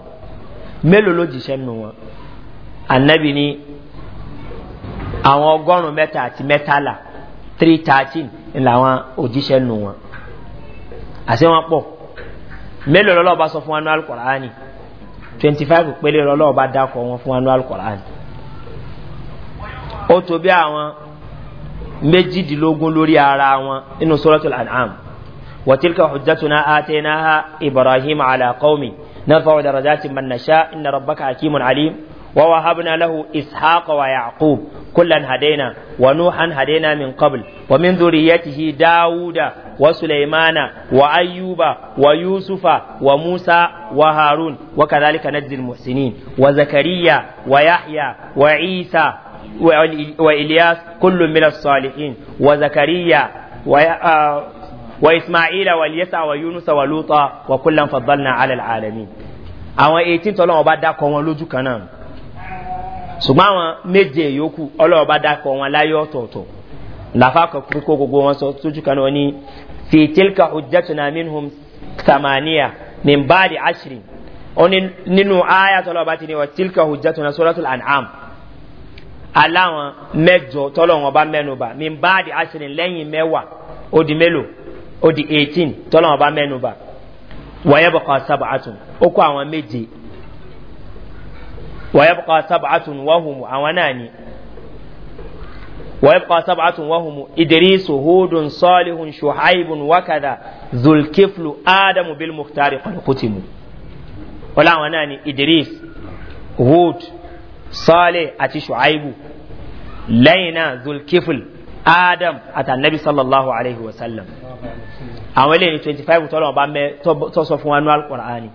mélòó ló jìṣẹ́ nù wọn anabi ní àwọn ọgọ́rùn-ún mẹ́ta àti mẹ́tàlá three thirteen ni làwọn òjíṣẹ́ nù wọn àti wọn pọ̀ mélòó lọ́lọ́ọ̀bá sọ fún wa ní alukọ̀rání twenty five péré lọ́lọ́ọ̀bá dákọ̀ wọn fún méjìdínlógún lórí ara إنه سورة الأنعام وتلك حجتنا آتيناها إبراهيم على قومي نرفع درجات من نشاء إن ربك حكيم عليم ووهبنا له إسحاق ويعقوب كلا هدينا ونوحا هدينا من قبل ومن ذريته داود وسليمان وأيوب ويوسف وموسى وهارون وكذلك نجزي المحسنين وزكريا ويحيى وعيسى وإلياس كل من الصالحين وزكريا وإسماعيل واليسع ويونس ولوطا وكلا فضلنا على العالمين àwọn eighteen tọ́lọ́ ọba dákọ̀ wọn lójú kan náà ṣùgbọ́n àwọn méje yòókù ọlọ́ọ̀ ọba dákọ̀ wọn láyé ọ̀tọ̀ọ̀tọ̀ làfa kó gbogbo wọn sọ sójú kan náà ní fìtílkà ọjàtúnà minhum samaniya min báàdì ashrin ó ní nínú ayatollah ọba ti ní wa tilka ọjàtúnà sọ́lọ́tún an'am aláwọn mẹjọ tọlọwọn bá mẹnuba mi bá di asirin lẹyìn mẹwàá ó di mélòó ó di eighteen tọlọwọn bá mẹnuba wàyẹbùkọ sábàtún ó kó àwọn méje wàyẹbùkọ sábàtún wọhùnmù àwọn náà ni wàyẹbùkọ sábàtún wọhùnmù idris hudun sọlihun shuhaibun wakada zulkiflu adamu bil muhtari kọlùkùtìmù wọlé àwọn náà ni idris hud sọ́ọ̀lẹ̀ àti ṣùáìbù لينا ذو الكفل آدم أتى النبي صلى الله عليه وسلم أولين 25 ní twenty five tọ́lọ̀ bá mẹ́ tó sọ fún wa ní alukur'ani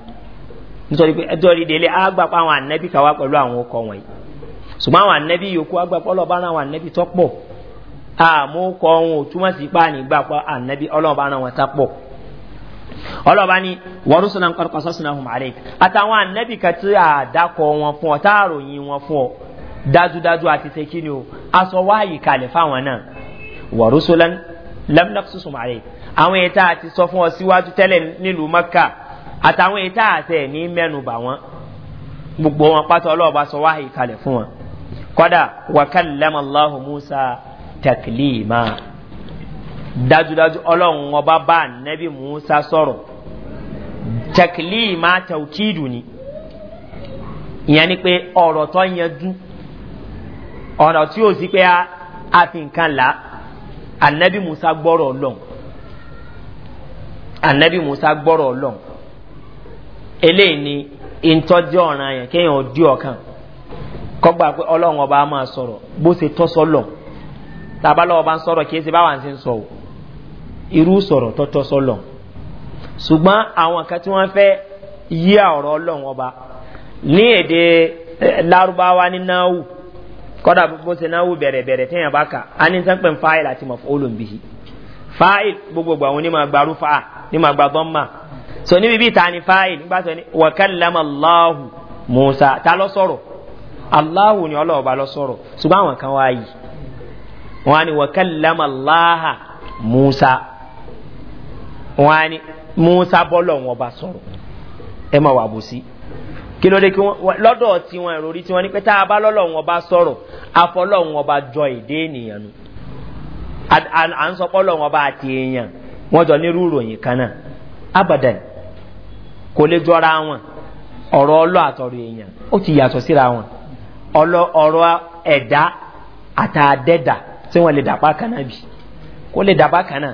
nítorí pé ẹjọ́ délé àgbà pa àwọn anabi kàwá pẹ̀lú àwọn ọkọ̀ wọ̀nyí ṣùgbọ́n àwọn anabi yòókù àgbà pọ́lọ̀ bá àwọn anabi tó pọ̀ àmúkọ̀ wọn ò sí pààyàn ìgbà pọ̀ ọlọ́ọ̀bá àwọn ta ọlọ́ba ni wọ́rùsùnà nǹkan kọ́sọ́sùnà hùm àlẹ́ àtàwọn ànẹ́bì kan tí a dákọ̀ wọn fún ọ táàrò yín wọn fún ọ dájúdájú àti ṣèkí ni o aṣọ wáyé kalẹ̀ fáwọn náà wọ́rùsùnà lẹ́mdọ́sùsùn àlẹ́ àwọn èyí tá a ti sọ fún ọ síwájú tẹ́lẹ̀ nílùú mẹ́kà àtàwọn èyí tá a tẹ̀ ní mẹ́nubà wọn gbogbo wọn pátá ọlọ́ọ̀bá sọ wáyé kalẹ̀ fún wọn kọ́dà wàkàlẹ́ dájúdájú ọlọ́run ọba bá nẹ́bí musa sọ̀rọ̀ tẹkílíìmá tẹ̀wùkìdù ni ìyẹn ni pé ọ̀rọ̀ tó yanjú ọ̀nà tí ó sì pé a fi nǹkan là ànẹ́bí musa gbọ́rọ̀ ọlọ́run ànẹ́bí musa gbọ́rọ̀ ọlọ́run eléyìí ni ntọ́jú ọ̀ràn yẹn kéèyàn dí ọ̀kan kọ́gbà pé ọlọ́run ọba máa sọ̀rọ̀ bó ṣe tọ́ sọ́lọ̀ tàbá lọ́wọ́ bá ń irú sọ̀rọ̀ tọ́tọ́ sọ́lọ̀ ṣùgbọ́n àwọn kan tí wọ́n fẹ́ yí ọ̀rọ̀ ọlọ́run ọba ní èdè eh, larubawa ní náwù kọ́dà bó ṣe náwù bẹ̀rẹ̀bẹ̀rẹ̀ tẹ́yàn bá kà á ní sẹ́ńpẹ̀ ń fáìlì àti mọ̀ olùbíyì fáìlì gbogbogbò àwọn onímọ̀ agbarú fa nímọ̀ agbàgbọ́n mà so níbi bí ìta ni fáìlì nígbà tó ní wàkàlámà láhù musa ta lọ sọ̀rọ̀ aláhù ni ọlọ́ọ̀ba lọ sọ̀rọ̀ ṣùgbọ́n àwọn kan wáyì wọn ni wàkàlámà láhà musa wọn musa bọlọ wọn sọrọ sọ̀rọ̀ ẹ ma wà bùsí kí ló dé kí wọn lọ́dọ̀ tiwọn ìròrí tiwọn pé tá a bá wọn bá jọ èdè ènìyàn nu à ń sọ wọn àti èèyàn wọn jọ nírú kan náà kò lè jọra wọn èèyàn ó ti síra wọn tí lè dàpá kan náà bì lè dàpá kan náà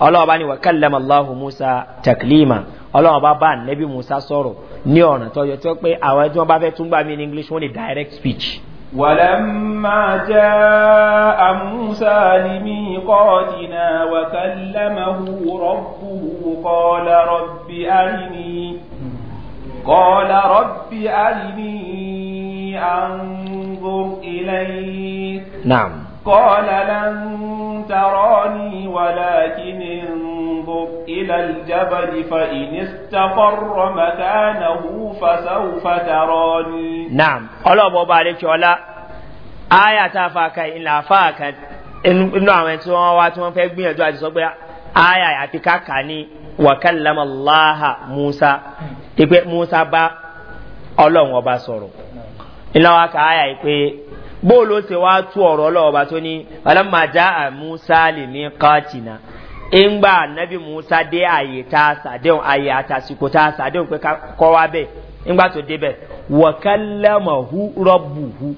ọlọ́wọ́ bá ní wà kálẹ̀mọ̀ aláhu musa taklima ọlọ́wọ́ bá bá nẹ́bí musa sọ̀rọ̀ ní ọ̀nà tó yọ tí ó pé àwọn ẹni bá fẹ́ tún gbà mí ní english wọ́n ní direct speech. ولما جاء موسى لميقاتنا وكلمه ربه قال رب أرني قال رب أرني أنظر إليك نعم قال لن تراني ولكن انظر إلى الجبل فإن استقر مكانه فسوف تراني نعم الله بابا عليك ولا آية تافاك إلا فاك inú àwọn ẹni tí wọ́n wá tí wọ́n fẹ́ gbìyànjú àti sọ pé aya àti káka ni wàkàlámàláha musa ìpè musa bá ọlọ́run ọba sọ̀rọ̀ ìlànà wa ka aya yìí pé bóòlù ṣe wá tú ọ̀rọ̀ lọ́ọ̀bá tó ní alámàjá àmúsá lèmi ńgbà musa dé àyè tá a sàdéhùn àyè àtàsìkò tá a sàdéhùn pé kọ́ wá bẹ́ẹ̀ ńgbà tó débẹ̀ wọ̀kẹ́lẹ́mọ̀hú rọ́bùhú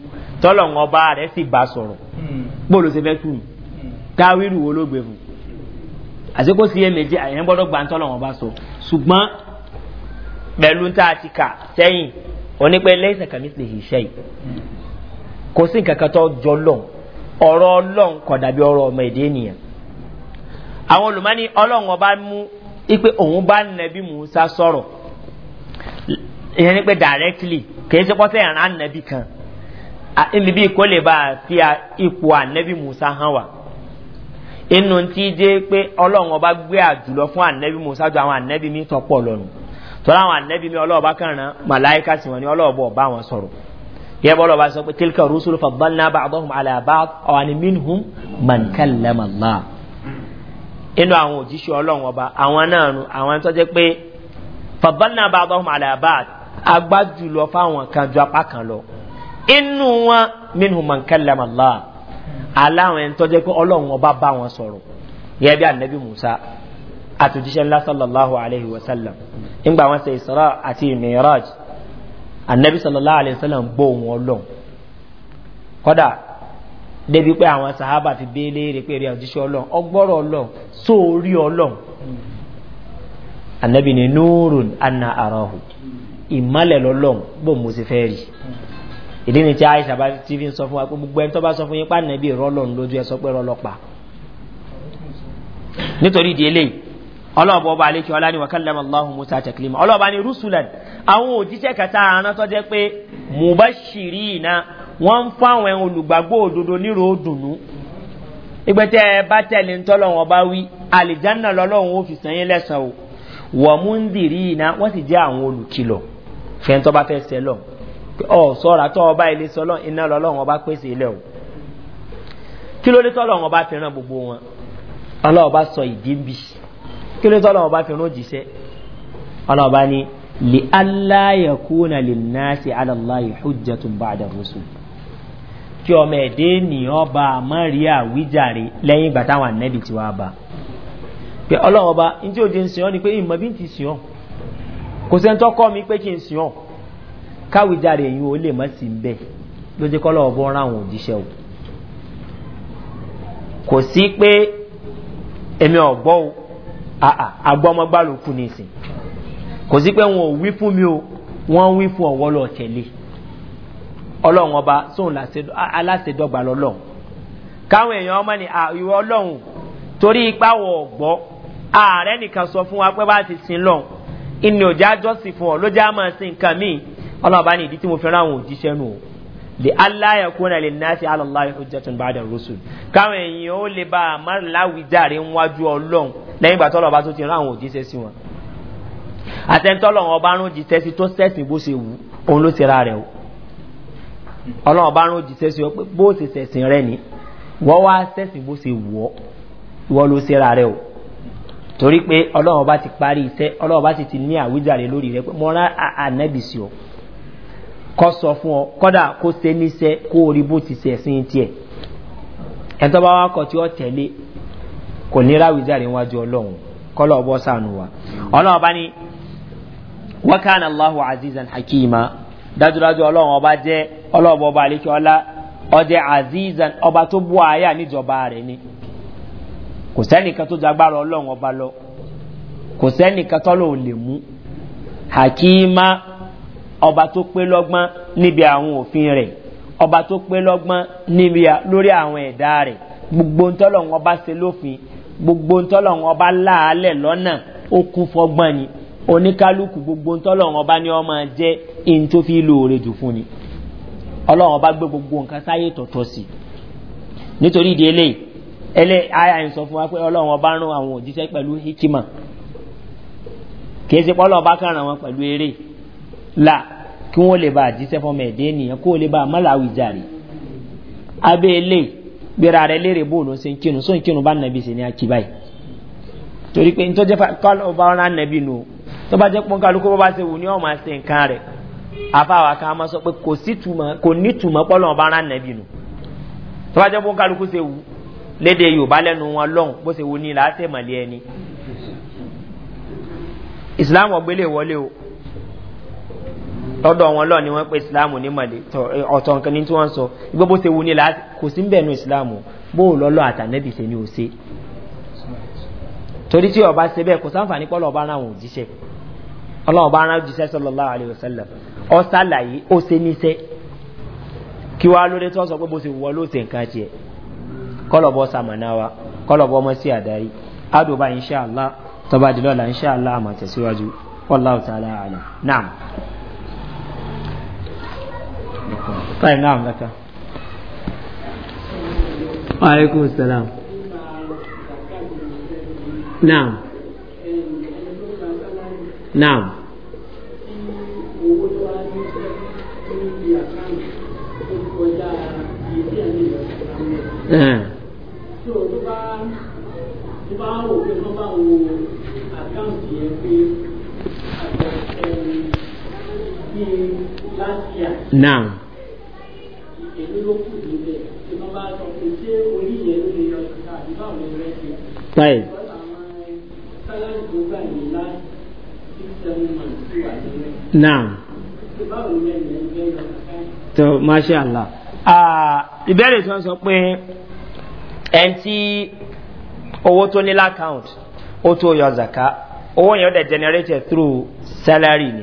tọ́lọ̀ ń ọba rẹ̀ sì bá sọ̀rọ̀ hmm. bóòlù ṣe fẹ́ tù ú hmm. táwírù wo ló gbé fún àsìkò sí ẹ méjì àyẹ̀ sọ ṣùgbọ́n pẹ̀lú tá a ti kà sẹ́yìn onípẹ́ kò sí nǹkan kan tó jọ lọ́n ọ̀rọ̀ ọlọ́n kò dàbí ọ̀rọ̀ ọmọ èdè ènìyàn àwọn olùmọ́ni ọlọ́run ọba mú ipe òun bá nàbí musa sọ̀rọ̀ ìyẹn ni pé directly kì í ṣe pọ́sẹ̀ ìran nàbí kan níbi bí kò lè bá a fi ipò musa hàn wá inú dé pé ọlọ́run ọba gbé àjùlọ fún musa àwọn mi yẹ bọ́lọ̀ bá sọ pé tilka rusulu fadalna ba'dahum ala ba'd aw ni minhum man kallama Allah inú àwọn òjíṣẹ́ ọlọ́run ọba àwọn náà nu àwọn tó jẹ́ pé fadalna ba'dahum ala ba'd agbá jùlọ fáwọn kan ju apá kan lọ inú wọn minhum man kallama Allah aláwọn ẹni tó jẹ́ pé ọlọ́run ọba bá wọn sọ̀rọ̀ yẹ bí anabi musa àtòjíṣẹ́ ńlá sallallahu alayhi wa sallam ńgbà wọn ṣe ìsọ̀rọ̀ àti mìíràn anabi sallallahu alayhi wa sallam gbọ́ òun ọlọ́run kọ́dà débi pé àwọn sahaba fi béèlè rè pé rí àjíṣẹ́ ọlọ́run ọgbọ́rọ̀ ọlọ́run sóòrí ọlọ́run anabi ni nurun anna arahu ìmọ̀lẹ̀ lọ́lọ́run bó mo ti fẹ́ rí ìdí ni tí aisha bá ti fi sọ fún wa pé gbogbo ẹni tó bá sọ fún yín pé anabi rọlọ́run lójú ẹ sọ pé rọlọ́pàá nítorí ìdí eléyìí ọlọ́ọ̀bọ̀ ọba àlékí ọlá ní wàkàlẹ́mọ̀ allahu musa tẹ̀klima ọlọ́ọ̀bá ní rusulan àwọn òjíṣẹ́ kẹta àrán tó jẹ́ pé mubashiri iná wọ́n ń fáwọn ẹ̀hún olùgbàgbọ́ òdodo nírò dùnú ìgbẹ́tẹ́ bá tẹ̀lé ń tọ́lọ́wọ́n bá wí àlìjánà lọ́lọ́run ó fi sẹ́yìn lẹ́sàn o wọ́n mú ń dìrí iná wọ́n sì jẹ́ àwọn olùkìlọ̀ fẹ́ntọ́ kí ló tọ́lọ̀ ọba fìrún òjíṣẹ́ ọlọ́ọ̀bá ni lè aláyẹ̀kúnà lè náà sí aláàláyẹ̀ hujjẹ́ tó bá àdà rọ́sùn kí ọmọ ẹ̀dẹ́ nìyàn bá a má rí àwíjàre lẹ́yìn ìgbà táwọn ànẹ́bì ti wá bá pé ọlọ́ọ̀bá ní tí òde ń sìn ọ́ ni pé ìmọ̀ bí ń ti sìn ọ́ kò sẹ́ni tó mi pé kí n sìn ọ́ káwíjàre èyí ò lè mọ́ sí bẹ́ẹ̀ ló jẹ́ kọ́lọ́ọ̀bọ́ ń ráwọn òjíṣẹ́ o kò sí pé èmi ọ̀gbọ́ o Ah ah, ló kú nísìn kò sí pé wọn ò wí fún mi o wọ́n wí fún ọ̀wọ́ lọ tẹ̀lé ọlọ́run ọba sóun aláṣẹdọ́gba lọ́lọ́run káwọn èèyàn ọmọ ni ìwọ ọlọ́run torí ipá wọ̀ ọ̀gbọ́ ààrẹ nìkan sọ fún wa pé bá ti sin lọ́run ìní òjá jọ́sìn fún ọ ló já máa sin nǹkan míì ọlọ́run ọba ní ìdí tí mo fẹ́ràn àwọn òjíṣẹ́ nù lè aláyà kó na lè ná sí alọ́láyà ó tó ń bá dẹ̀ rọ́ṣùn káwọn èèyàn ó lè bá àmàlà wíjà rẹ̀ ń wájú lẹ́yìn ìgbà tọ́lọ̀ ọba tó ti rán àwọn òjíṣẹ́ sí wọn àtẹ̀ntọ́lọ̀ ọba rún jíṣẹ́ sí tó sẹ́sìn bó ṣe wù òun ló ti ra rẹ̀ o ọlọ́run ọba rún jíṣẹ́ sí ọ pé bó ṣe sẹ̀sìn rẹ̀ ni wọ́n wá sẹ́sìn bó ṣe wù ọ́ ìwọ ló ṣe ra rẹ̀ o torí pé ọlọ́run ọba ti parí iṣẹ́ ọlọ́run ọba sì ti ní àwíjàre lórí rẹ pé mo rán ànábì sí ọ kọ́ sọ fún ọ kọ́dà kó ṣe níṣẹ́ kó orí bó ti sẹ̀sìn tiẹ̀ ẹ̀ńtọ́ bá wá kọ tí ọ tẹ̀lé kò ní ráwì járe wájú ọlọ́run kọ́lọ̀ ọbọ̀ sànù wa ọlọ́run bá ní azizan hakima dájúdájú ọlọ́run ọba jẹ́ ọlọ́run ọba àlékè ọlá ọjẹ́ azizan ọba tó bú àyà níjọba rẹ̀ ni kò sẹ́nìkan tó jagbára ọlọ́run ọba lọ kò sẹ́nìkan tọ́lọ̀ ò lè hakima ọba tó pé lọ́gbọ́n níbi àwọn ọba tó pé lọ́gbọ́n níbi lórí àwọn gbogbo ntọ́lọ̀ wọn bá se lófin gbogbo ntọ́lọ̀ wọn bá láàálẹ̀ lọ́nà ó kún fọgbọ́n ni oníkálukú gbogbo ntọ́lọ̀ wọn bá ní ọmọ jẹ́ èyí tó fi lóore jù fún ni ọlọ́wọ́n bá gbé gbogbo nǹkan sáyé tọ̀tọ̀ sí nítorí ìdí eléyìí ẹlẹ́ àyà ń sọ fún wa pé ọlọ́wọ́n bá rán àwọn òjíṣẹ́ pẹ̀lú hikima kìí ṣe pọ́lọ́ kàn ràn wọn pẹ̀lú eré la kí wọ́n lè bá àjíṣẹ́ fọmọ ẹ̀dẹ́ ènìyàn kó lè bá àmàlà àwìjàre abẹ́ eléyìí gbéra rẹ léèrè bóòlù ṣe ń kírun sóun kírun bá nàbí sí ní akíbáyì torí pé nítorí jẹ́ kọ́lọ̀ bá wọn nàbí nù tó bá jẹ́ pọ́n kálukú bó bá ṣe wù ní ọmọ ṣe nǹkan rẹ̀ afáwa kan máa sọ pé kò sí tùmọ̀ kò ní tùmọ̀ kọ́lọ̀ bá wọn nàbí nù tó bá jẹ́ pọ́n kálukú ṣe wù léde yorùbá lẹ́nu wọn lọ́hùn bó ṣe wù ní làásẹ̀ mọ̀lẹ́ ẹni ìsìlámù ọ̀gbẹ́lẹ̀ wọlé o. lọ́dọ̀ wọn lọ́ọ̀ ni wọ́n pe ìsìláàmù ní mọ̀lẹ́ ọ̀tọ̀ nǹkan ní tí wọ́n sọ igbó bó ṣe wu ni láti kò sí bẹ́ẹ̀ nu ìsìláàmù ni ò ṣe torí tí ọba ṣe bẹ́ẹ̀ kò sáǹfààní pọ́lọ̀ ọba aráwọ̀ òjíṣẹ́ ọlọ́run ọba aráwọ̀ òjíṣẹ́ sọlọ́lá àlẹ́ òṣèlè ọ ó ṣe kí wàá lóde sọ طيب نعم لك وعليكم السلام نعم نعم ẹ last year. now. èmi now. báwo ni ẹ̀ ń bẹ́ yọ ṣùgbọ́n. tó masha allah ah, ìbéèrè tí wọ́n sọ pé ẹn tí owó tó ní lákàùnt ó tó yọ zaka owó yẹn ó dẹ̀ generated through salary ni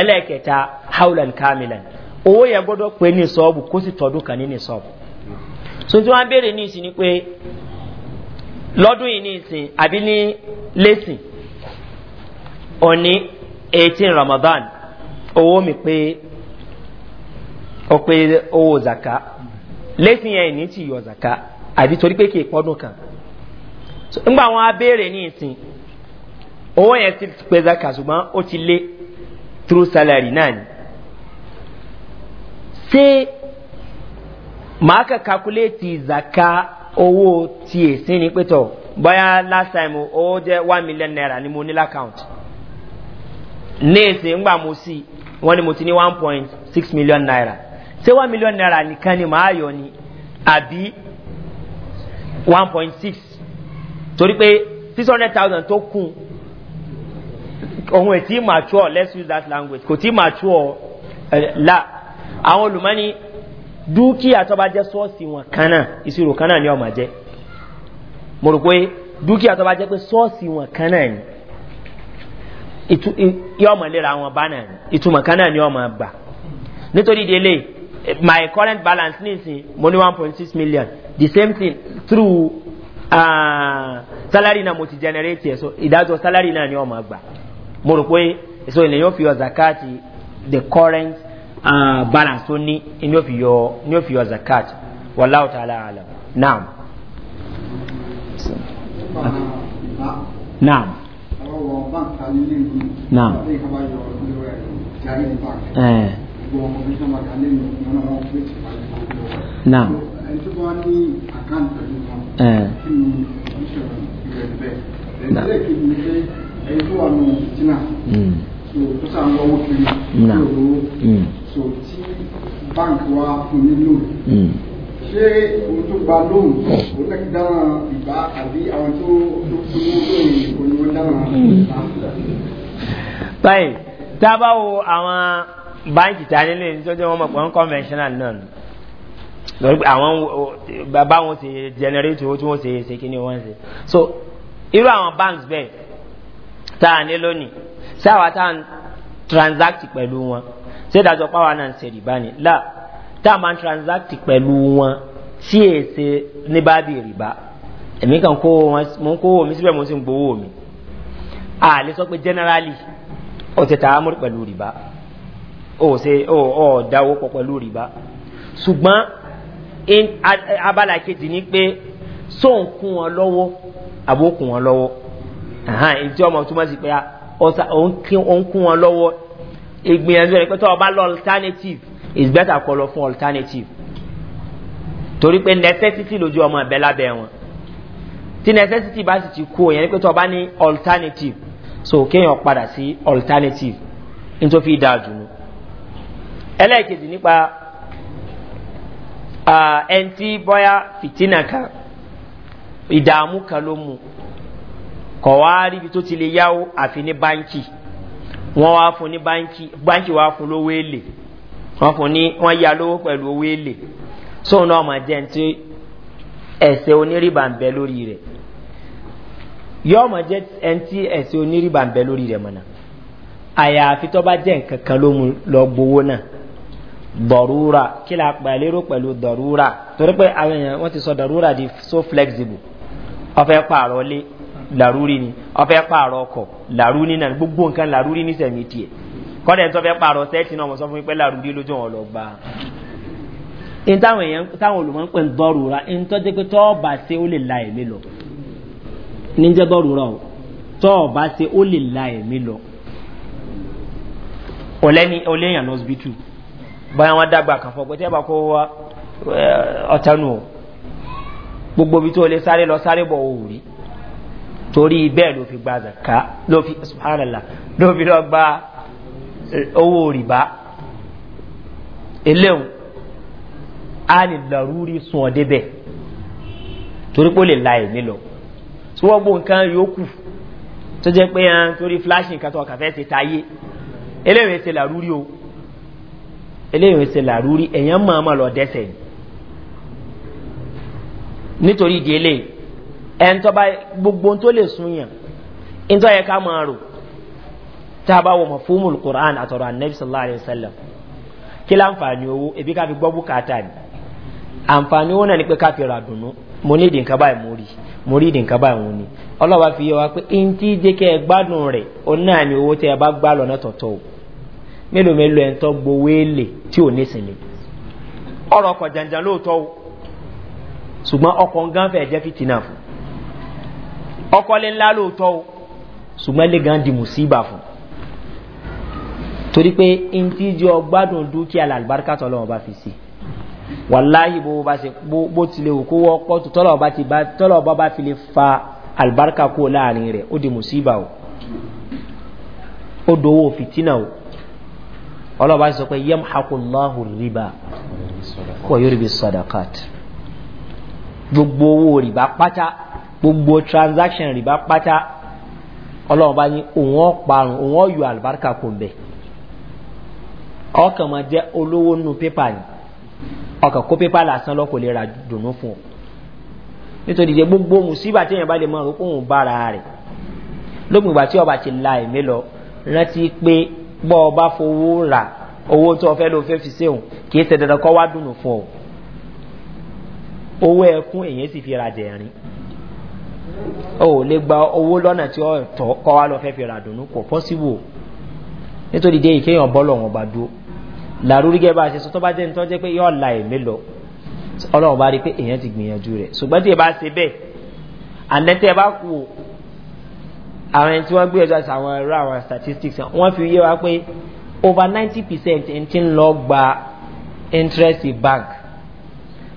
ẹlẹ́ẹ̀kẹta howland kamilan owó yẹn gbọ́dọ̀ pé ní sọ́ọ̀bù kó sì tọdún kan ní sọ́ọ̀bù so tí wọ́n béèrè ní ìsìn ni pé lọ́dún yìí ní ìsìn àbí ní lẹ́sìn òní eighteen ramadan owó mi pé ó pé owó zaka lẹ́sìn yẹn ní ti yọ zaka àbí torí pé kì í pọ́dún kan nígbà wọn á béèrè ní ìsìn owó yẹn ti pè zaka ṣùgbọ́n ó ti lé. through salary náà ni ṣé màá kà calculate zaka owó tí èsì ni pé tọ̀ bóyá last time ó jẹ́ one million naira ni mo ní l'account ní èsì ńgbà mo sí wọ́n ní mo ti ní one point six million naira ṣé one million naira nìkan ni màá yọ ni àbí one point six torí pé six hundred thousand tó kù ohun ẹ̀ tí mature let's use that language kò tí mature eh, la àwọn olùmọ́ni dúkìá tó bá jẹ́ sọ́ọ̀sì wọn kan náà ìṣirò kan náà ni ọmọ jẹ́ mo rò pé dúkìá tó bá jẹ́ pé sọ́ọ̀sì wọn kan náà ni yọmọ lera wọn bá náà ni ìtumọ̀ kan náà ni ọmọ gbà nítorí délé my current balance nísìn mo ní one point six million the same thing through uh, salary náà mo ti generate ẹ̀ so ìdájọ́ salary náà ni ọmọ gbà mo rò pé so ilẹ̀ yóò fi yọ zakati the current uh, balance tó ní ni yóò fi yọ ni yóò fi yọ zakati wàláwù tá a lára àlọ́ naam. naam. naam. Eh. naam. Eh. naam. naam ẹni tó wà hmm. so tó sàn lọ owó kiri náà lówó hmm. so tí báńkì wa fún mi lò hmm. ṣé òun tó gba lóhùn òun náà dáná ìbá àbí àwọn tó tó fún mi ni wọ́n dáná ìbá. báyìí tá a bá wo àwọn báńkì tá a nílé ní tọ́jú wọn mọ̀ pé wọ́n conventional lórí àwọn bàbá wọn ṣe generate owó tí wọ́n ṣe ṣe kí ni wọ́n ṣe so irú àwọn banks bẹ́ẹ̀ tá a ní lónìí sáwà tá a ń transact pẹ̀lú wọn ṣé ìdájọ́ pàwọn náà ń ṣe rìbá ni là tá a máa ń transact pẹ̀lú wọn tí è ní bá bí rìbá èmi kan kó wọn mo ń kó wọn mi síbẹ̀ mo sì ń gbowó mi a lè sọ pé generally ó ti tà á mú pẹ̀lú rìbá o ṣe ó ó dáwó pọ̀ pẹ̀lú rìbá ṣùgbọ́n abala kejì ni pé sóun kún wọn lọ́wọ́ àbókùn wọn lọ́wọ́ èyí tí ọmọ túmọ̀ sí pé òun kún wọn lọ́wọ́ ìgbìyànjú rẹ̀ pé tó ọba lọ alternative is better kọ lọ fún alternative torí pé necessity lójú ọmọ ẹ̀bẹ̀ lábẹ́ wọn tí necessity bá sì ti kú òyìn ni pé tó ọba ní alternative so kéèyàn padà sí alternative nítorí fi dáa jù nù ẹlẹ́ẹ̀kejì nípa ẹntì bọ́yá fìtínà kan ìdààmú kan ló mú kọ̀ wá ríbi tó ti lè yáwó àfi ní báńkì wọ́n wá fún ní báńkì báńkì wá fún lówó èlé wọ́n fún ní wọ́n yá lówó pẹ̀lú owó èlé sóun náà máa jẹ́ ti ẹ̀sẹ̀ onírìbà ń bẹ lórí rẹ̀ yọ́ọ̀ máa jẹ́ ti ẹ̀sẹ̀ onírìbà ń bẹ lórí rẹ̀ mọ̀nà àyàfi tó bá jẹ́ nǹkan kan ló mu lọ gbowó náà dọ̀rúra kí la pẹ̀lérò pẹ̀lú dọ̀rúra torí pé àwọn èèyàn wọ́n ti sọ dọ̀rúra di so flexible ọ̀fẹ́ pààrọ̀ lé làrúrí ni ọfẹ́ pààrọ̀ ọkọ̀ làrúrí náà gbogbo nǹkan làrúrí ní sẹ̀mí tiẹ̀ kọ́dẹ̀ tó fẹ́ pààrọ̀ sẹ́ẹ̀tì náà wọ́n sọ fún mi pé làrúrí lójú wọn lọ gbà. n táwọn èèyàn táwọn olùmọ̀ ń pè ń dọ́rù ra n tó dé pé tọ́ọ̀bà ṣe ó lè la ẹ̀mí lọ ní jẹ́ dọ́rù ra o tọ́ọ̀bà ṣe ó lè la ẹ̀mí lọ. ọ̀lẹ́ni ọ̀lẹ́yìn àná ọsibítù báyà wọn dàgbà kàn fọ pé tẹ́ bá kó ọ̀tánù o gbogbo ibi tó lè sáré lọ sáré bọ̀ òwúrí torí bẹ́ẹ̀ ló fi gba zaka ló fi subhanallah ló fi lọ gba eh, owó rìbá eléwu a lè larúrí sun ọ débẹ̀ torí pé ó lè la ẹ̀mí lọ tí wọ́n gbó nǹkan yòókù tó jẹ́ pé hàn ah, torí flash nǹkan tó ọkàn fẹ́ ṣe táyé eléyìí ṣe larúrí o eléyìí ṣe larúrí ẹ̀yàn máa ma lọ dẹ́sẹ̀ nítorí ìdí eléyìí. ẹ̀ńtọ́ba gbogbo tó lè sunyàn ẹ̀ńtọ́ yẹ ká máa rò tá a mọ̀ fún mùlù quran àtọ̀rọ̀ sallallahu kí owó ebi ká fi gbọ́ bùkátà ni àǹfààní owó náà ni pé ká fi ra dùnú mo ní ìdí báyìí mo rí mo rí báyìí ọlọ́wà fi yẹ wa pé tí kẹ́ ẹ gbádùn rẹ̀ ó náà owó o ọkọlẹ̀ ńlá lóòótọ́ o ṣùgbọ́n lè gan di mùsíbà fún torí pé n tí jẹ́ ọgbádùn dúkìá làlùbáríkà tọ́lọ́wọ́ bá fi sí wàláyé bó bá ṣe bó tilẹ̀ òkú wọ́pọ̀ tọ́lọ́wọ́ bá fi lè fa àlùbáríkà kó láàrin rẹ̀ ó di mùsíbà o ó dowó fìtínà o ọlọ́ba sọ pé yẹm hakunláhù rìbá wọ́n yóò rí bí gbogbo owó rìbá pátá gbogbo transaction rìbá pátá ọlọ́run bá ní òun ọ̀ parun òun ọ̀ yọ àlùbáríkà kò bẹ̀ ọkàn máa jẹ́ olówó nù pépà ni ọkàn kó pépà lásán lọ́kọ̀ lè ra dùnú fún ọ nítorí jẹ gbogbo mùsíbà tí èèyàn bá lè mọ òkú òun bára rẹ̀ lópin ìgbà tí ọba ti la ẹ̀mí lọ rántí pé bọ́ ọba fowó rà owó tó ọfẹ́ ló fẹ́ fi séhùn kì í ṣe dandan kọ́ wá dùnú fún ọ owó ẹkún èèyàn sì fi ra jẹ̀rin o ò lè gba owó lọ́nà tí ó tọ́ kọ́ wa lọ fẹ́ fi ra dùnú kò pọ́síbò nítorí dé ìkéyàn bọ́ lọ́wọ́n bá dúró làrúrí gẹ́gẹ́ bá a ṣe sọ tó bá jẹ́ ní tó jẹ́ pé yóò la èmi lọ ọlọ́run bá rí i pé èèyàn ti gbìyànjú rẹ̀ ṣùgbọ́n tí ẹ bá ṣe bẹ́ẹ̀ àlẹ́tẹ̀ bá kú o àwọn ẹni tí wọ́n gbé ẹjọ́ àwọn ẹ̀rọ àwọn statistics wọ́n fi yé wa pé over ninety percent ẹni tí ń lọ gba interest bank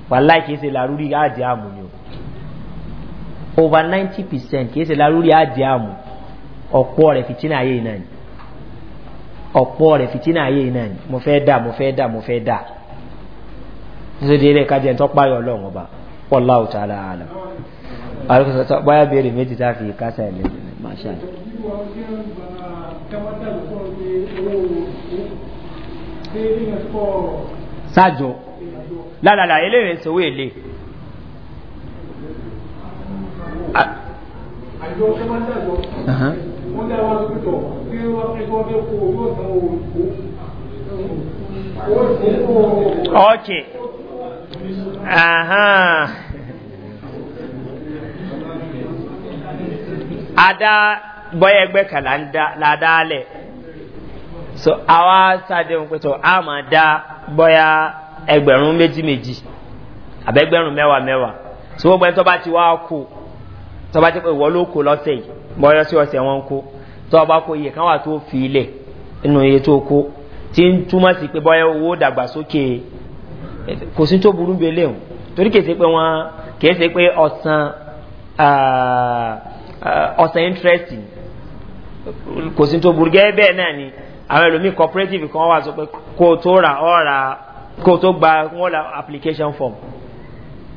wàláì kìí ṣe làrúrí àjẹ́ àmúni o over ninety percent kìí ṣe larúrí àjẹ́ àmù ọ̀pọ̀ rẹ̀ fìtínà ayé iná ni ọ̀pọ̀ rẹ̀ fìtínà ayé iná ni mo fẹ́ dà mo fẹ́ dà mo fẹ́ dà nítorí ilé kájẹ́ tó páyọ̀ ọlọ́run ọba pọ̀lá òtà ara àlọ́ àrùkọ̀sọ̀tọ̀ báyà béèrè méjì tá a fi kásá ẹ̀ lẹ́yìn máṣá. sáàjò lálàlà eléyìí ń sọ owó èlé àjọ ṣe máa ń dàgbọ́ wọ́n dá wa lórí tọ̀ bí wọ́n fi wọ́n fẹ́ kó owó san owó ok ada bọ́yẹ̀ ẹgbẹ́ kan ládàálẹ̀ so àwa sàdéhùn pé tó a máa dá bọ́yá ẹgbẹ̀rún méjì so gbogbo ẹni tó bá ti wá kú tọba ti pé ìwọ ló kó lọ́sẹ̀ yìí bọ́yọ́ sí ọ̀sẹ̀ wọn kó tọba kó iye kan wà tó fi ilẹ̀ nínú iye tó kó tí ń túmọ̀ sí pé bọ́yọ́ owó dàgbàsókè kò sí tó burú bẹ́ẹ̀ léwu torí kèsè pé wọ́n kèsè pé ọ̀sán ọ̀sán interest kò sí tó burú gẹ́gẹ́ bẹ́ẹ̀ náà ni àwọn ẹlòmíì cooperative kan wà sọ pé kó o tó ra ọ̀ ra kó tó gba wọn la application form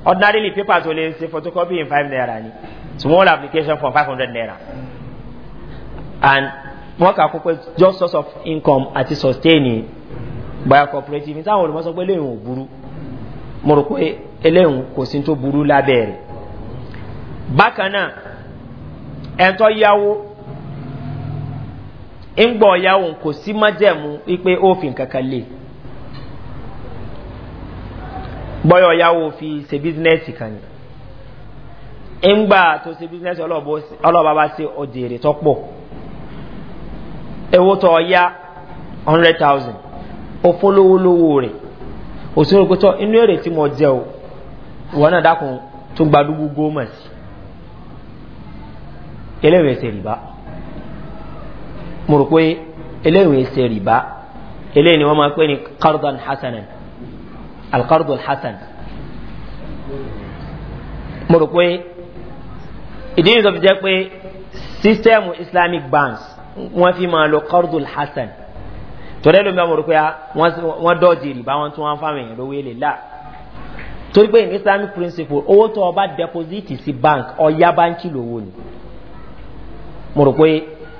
ordinarily paper tó lè ṣe photocopy in five naira ni small application form five hundred naira and wọ́n kà kópe just source of income àti sustaining e by a cooperative ní táwọn olùmọ́sọ pé eléyìí ò burú mo rò pé eléyìí kò sí tó burú lábẹ́ rẹ̀ bákan náà ẹ̀ńtọ́ yáwó ńgbọ̀ yáwó kò sí májẹ̀mú wípé ó fi nǹkan kan lè bọ́yọ̀ yáwó fi ṣe bísínẹ́sì kan yìí. ngba to se business olobo olobo ba se o jere to po ewo to ya 100000 o folo wo lowo re o se ko to inu ere ti mo je o wo na da kun tun gba du gugu mo si elewe riba mo ro pe elewe riba eleyi ni wọn ma pe ni qardan hasanan al qardul hasan mo ìdí nìyí tó fi jẹ́ pé sísẹ́mù islamic banks wọ́n fi máa lo kordul hasan torí ẹ̀ ló ń bá wọn rò pé ah, wọ́n dọ́ọ̀dì rìbá wọn tún wọn fáwọn èèyàn lówó èlé láà torí pé ní islamic principle owó tó ọba deposit sí bank ọ̀ya báńkì lówó ni mo rò pé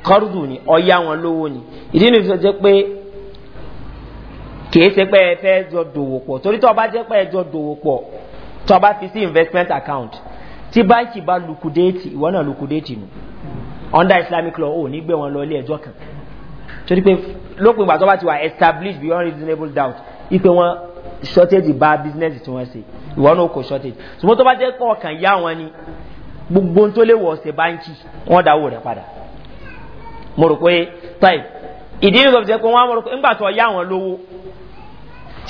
kordù ni ọ̀ya wọn lówó ni ìdí nìyí tó jẹ́ pé kìí ṣe pé ẹ fẹ́ jọ dòwò pọ̀ torí tó ọba jẹ́ pé ẹ jọ dòwò pọ̀ tó ọba fi sí investment account tí báńkì bá lukudéètì ìwọ náà lukudéètì nù under islamic law ò ní gbé wọn lọ ilé ẹjọ́ kan torí pé lópin ìgbà tó bá ti wà established beyond reasonable doubt ipe wọn shortage bá business tí wọ́n ṣe ìwọ náà kò shortage ṣùgbọ́n tó bá jẹ́ pé ọkàn yá wọn ni gbogbo tó lè wọ̀ ṣe báńkì wọ́n dáwọ́ rẹ̀ padà mo rò pé type ìdí nìkan fi ṣe pé wọ́n á mọ̀ rò pé ńgbà tó yá wọn lówó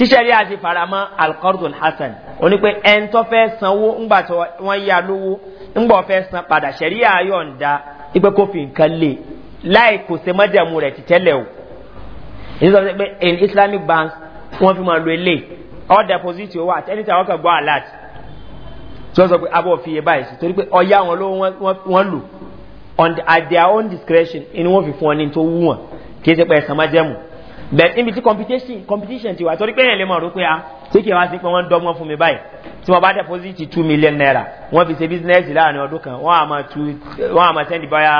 tíṣẹ́rí àti faramọ́ alqardul hasan oní pé ẹni tó fẹ́ sanwó ńgbà tí wọ́n yá lówó ńgbà fẹ́ san padà ṣẹ̀rí àyọ̀ǹda ipe kó fi nǹkan lè láì kò se mọ́jẹ̀mú rẹ̀ ti tẹ́lẹ̀ o èyí sọ pé in islamic bank wọ́n fi máa lo ilé all deposit owó àti ẹni tí àwọn kan gbọ́ alert tí wọ́n sọ pé abọ́ fi iye báyìí sí torí pé ọ̀yá wọn ló wọ́n lò at their own discretion inú wọn fi fún ọ ní tó wú wọn kì í ṣe pé ẹ̀sán mọ́jẹ̀mú bẹẹ níbi tí competition competition ti wà torí pé yẹn lè mọ̀ ọ́ pé a ṣé kí wọ́n ti pé wọ́n ń dọ́gbọ́n fún mi báyìí tí wọ́n bá deposit two million naira wọ́n fi ṣe business láàrin ọdún kan wọ́n á máa two wọ́n á máa send báyà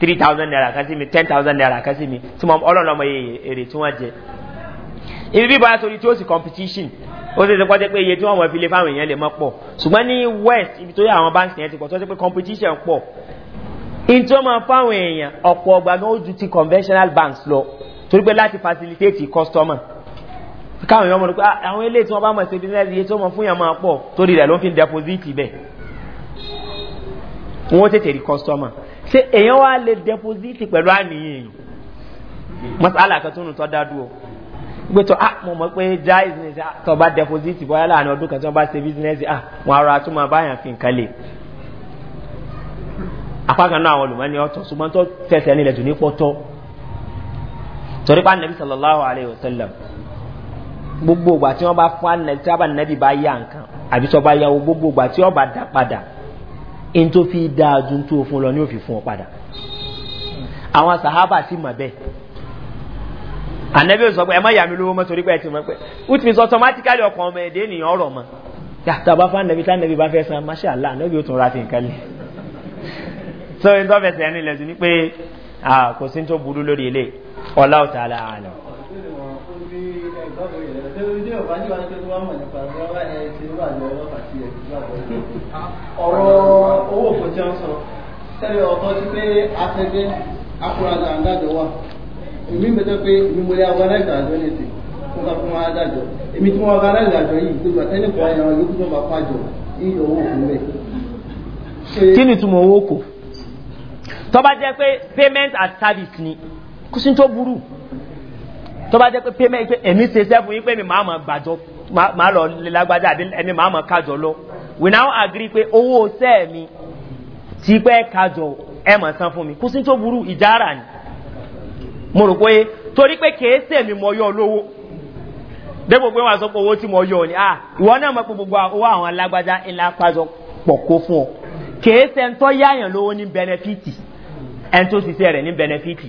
three thousand naira kan sí mi ten thousand naira kan sí mi tí wọ́n ọlọ́run ọmọ yẹ èrè tí wọ́n jẹ. ibi bí báyà sori tí ó sì competition ó ṣe ṣe kọ́ pé iye tí wọ́n mọ̀ fi lè fáwọn èèyàn lè mọ́ pọ̀ ṣùgbọ́n ní west ibi tó yẹ àwọn banks yẹn ti pọ̀ tó ṣe pé competition pọ̀ in tí wọ́n máa fáwọn èèyàn ọ̀pọ̀ ọgbà gan ó ju ti conventional banks lọ torí pé láti facilitate customer káwọn èèyàn mọ̀ pé ah, àwọn ilé tí wọ́n bá mọ̀ sí business iye tó mọ̀ fún yàn máa pọ̀ torí rẹ̀ ló ń fi deposit bẹ̀ wọ́n tètè rí customer ṣé èèyàn wá lè deposit pẹ̀lú àníyàn èèyàn masala kan tó nù tọ́ dá dúró gbé tọ́ ah mo mọ̀ pé jaiz ní sẹ́ tọ́ bá deposit bọ́yá láàrin ọdún kan tí wọ́n bá ṣe business ah wọn ara tó máa báyàn fi nǹkan lè apá kan náà àwọn olùmọ́ ni ọ̀tọ̀ ṣùgbọ́n tó torí pa nàbí sallallahu alayhi wa sallam gbogbo ìgbà tí wọ́n bá fún anabi tí wọ́n bá nàbí bá yá nǹkan àbí tí wọ́n bá yáwó gbogbo ìgbà tí wọ́n bá dá padà n tó fi dáa ju n tó fún lọ ní òfin fún ọ padà àwọn sàhábà sì mà bẹ́ẹ̀ anabi sọ pé ẹ má yà mí lówó mọ́ torí pé ẹ ti mọ̀ pé which means automatically ọkàn ọmọ ẹ̀dẹ́ ènìyàn ọ̀rọ̀ mọ́ yàtọ̀ bá fún anabi tí anabi bá fẹ́ san masha allah anabi ó tún ra fi nǹkan lé so n tó fẹsẹ̀ ẹni lẹ́sìn ni pé kò sí ní tó burú lórí eléyìí ọláwùtà aláàlọ́ ọ̀rọ̀ owó òfò tí wọ́n sọ sẹ́lẹ̀ ọ̀tọ́ sí pé afẹ́gbẹ́ afúradà ń dájọ́ wà èmi mẹ́tọ́ pé èmi mo lé agbádájọ́ àjọ ní ti fún ká fún adájọ́ èmi tí wọ́n agbádájọ́ àjọ yìí tó gbà tẹ́lẹ̀ kọ́ ẹ̀rọ yókù tó bá pàjọ yíyọ owó òfò mẹ́. kí ni túmọ̀ owó kò tọ́ bá jẹ́ pé payment as service ni kò sí tó burú tó bá jẹ́ pé payment ẹ̀mí ṣe sẹ́fún yín pé mi máa mọ̀ gbàjọ máa lọ lágbájá àbí ẹni máa mọ̀ kájọ lọ we now agree pé owó sẹ́ẹ̀mi ti pẹ́ kájọ ẹ̀ mọ̀ san fún mi kò sí tó burú ìjára ni mo rò pé torí pé kèé sèmi mọ̀ yọ lówó dẹ́gbò pé wọ́n sọ pé owó tí mo yọ ni ah ìwọ náà mọ̀ pé gbogbo owó àwọn alágbájá ńlá pàjọ pọ̀ kó fún ọ kèé sẹ́ńtọ́ yáyàn lówó ní bẹnẹfìtì ẹni tó rẹ̀ ní bẹnẹfìtì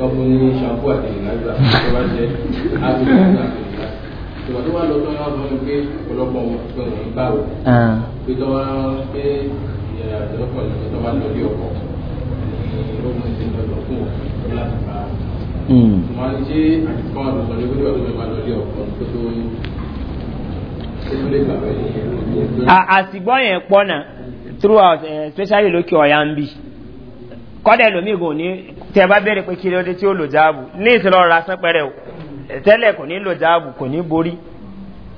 tọ́kùn ní ṣàǹkó àti ìlàgbà tó bá jẹ́ ábílẹ̀ àti ìlà ìgbà tó wà lọ tó wọn fún pé ọ̀pọ̀lọpọ̀ wọn pé wọn bá wò ah. pé tó wọn pé ìyàrá ìjọpọ̀ ìjọba tó bá lọ bí ọkọ̀ ní ogun ti lọ lọ fún wọn láti bá wọn á hmm. ṣe àtìkọ́ àtọ̀tọ̀ ní gbọ́dọ̀ tó bá lọ bí ọkọ̀ tó tó ń àtìgbọ́ yẹn pọ́nà throughout eh, especially lókè ọ̀yà ń bì kọ́dẹ̀ lómi gùn ní tẹ bá bẹ̀rẹ̀ pé kiri ọdẹ tí ó lò jáàbù ní ìsìlọ ra sán pẹ̀rẹ̀ o tẹ́lẹ̀ kò ní lò jáàbù kò ní borí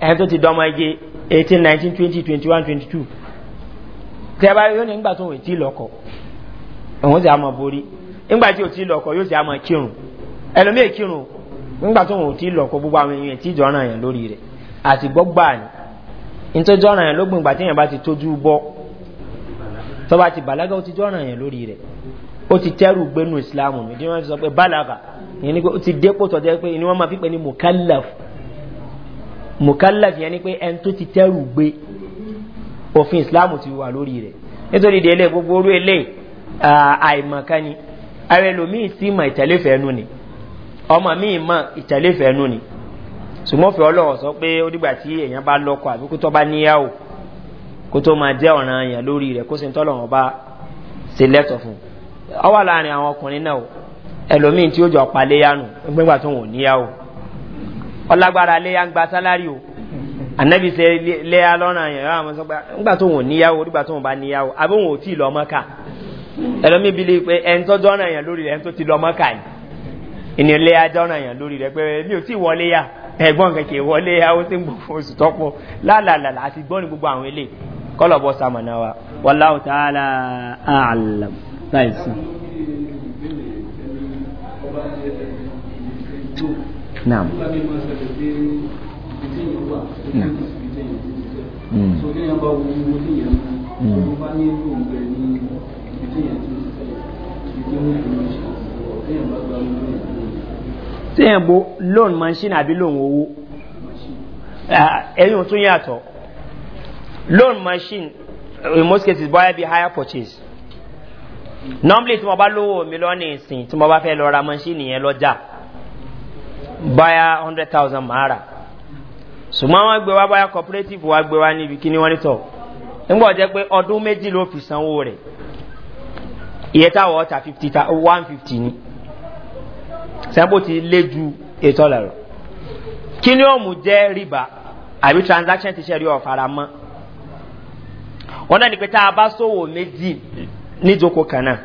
ẹni tó ti dọmọ ege 18 19 20 21 22 bá yóò ní nígbà tó tí lọ́kọ̀ òun sì á mọ borí tí ò tí lọ́kọ̀ yóò kírun tó tí lọ́kọ̀ gbogbo àwọn èèyàn tí yẹn lórí rẹ̀ àti gbọ́gbà ó ti tẹ́rù gbénu islam mi ní wọ́n ti sọ pé balaga yẹn ni pé ó ti dépò tọ́jú pé ni wọ́n máa fi pè ní mukallaf mukallaf yẹn ni pé ẹni tó ti tẹ́rù gbé òfin islam ti wà lórí rẹ̀ nítorí délé gbogbo orú ilé àìmọ̀kánni ara ẹlòmíì sí ìmọ̀ ìtẹ̀lẹ́fẹ̀ẹ́ nù ni ọmọ mi ìmọ̀ ìtẹ̀lẹ́fẹ̀ẹ́ nù ni sùmọ́fẹ́ ọlọ́wọ́ sọ pé ó dìgbà tí èèyàn bá lọ́kọ̀ àbí kó tó bá níyàwó kó máa jẹ́ ọ̀ràn àyàn lórí rẹ̀ kó sì ń tọ́lọ̀ bá ṣe lẹ́tọ̀ fún un. ọwà láàrin àwọn ọkùnrin náà o ẹlòmíín tí ó jọ pa léyánu gbẹ́gbà tó wọ́n níyàwó ọlágbára léyà ń gba sálárì o ànábì ṣe léyà lọ́nà yẹn yọ àwọn sọgbà níyàwó nígbà tó níyàwó àbí wọn lọ mọ léyà ẹ̀gbọ́n wọlé ń fún oṣù tọ́pọ̀ àti gbogbo àwọn kọlọ̀bọ̀ sàmọ̀nà wa tààlà láìsí. naam. naam. bo loan machine àbí loan owó ẹ̀yìn tó yàtọ̀ loan machine in most cases bọ́yá be higher purchase normally tí mo bá lówó mi lọ́nà ìsìn tí mo bá fẹ́ lọ ra mọ́ṣíìnì yẹn hundred thousand Mara. rà ṣùgbọ́n wọ́n gbé wá cooperative wá gbé wá níbi kí ni wọ́n ní tọ̀ nígbà jẹ́ pé ọdún méjì ló fi sanwó rẹ̀ iye táwọn ọ̀tà fifty one fifty ni sẹ́ńpò ti lé ju ètò ọ̀là rẹ̀ kí ni òmù jẹ́ rìbá àbí transaction ti ṣe rí ọ̀fara mọ́ wọ́n náà ní pé tá a bá sòwò méjì níjókòó kan náà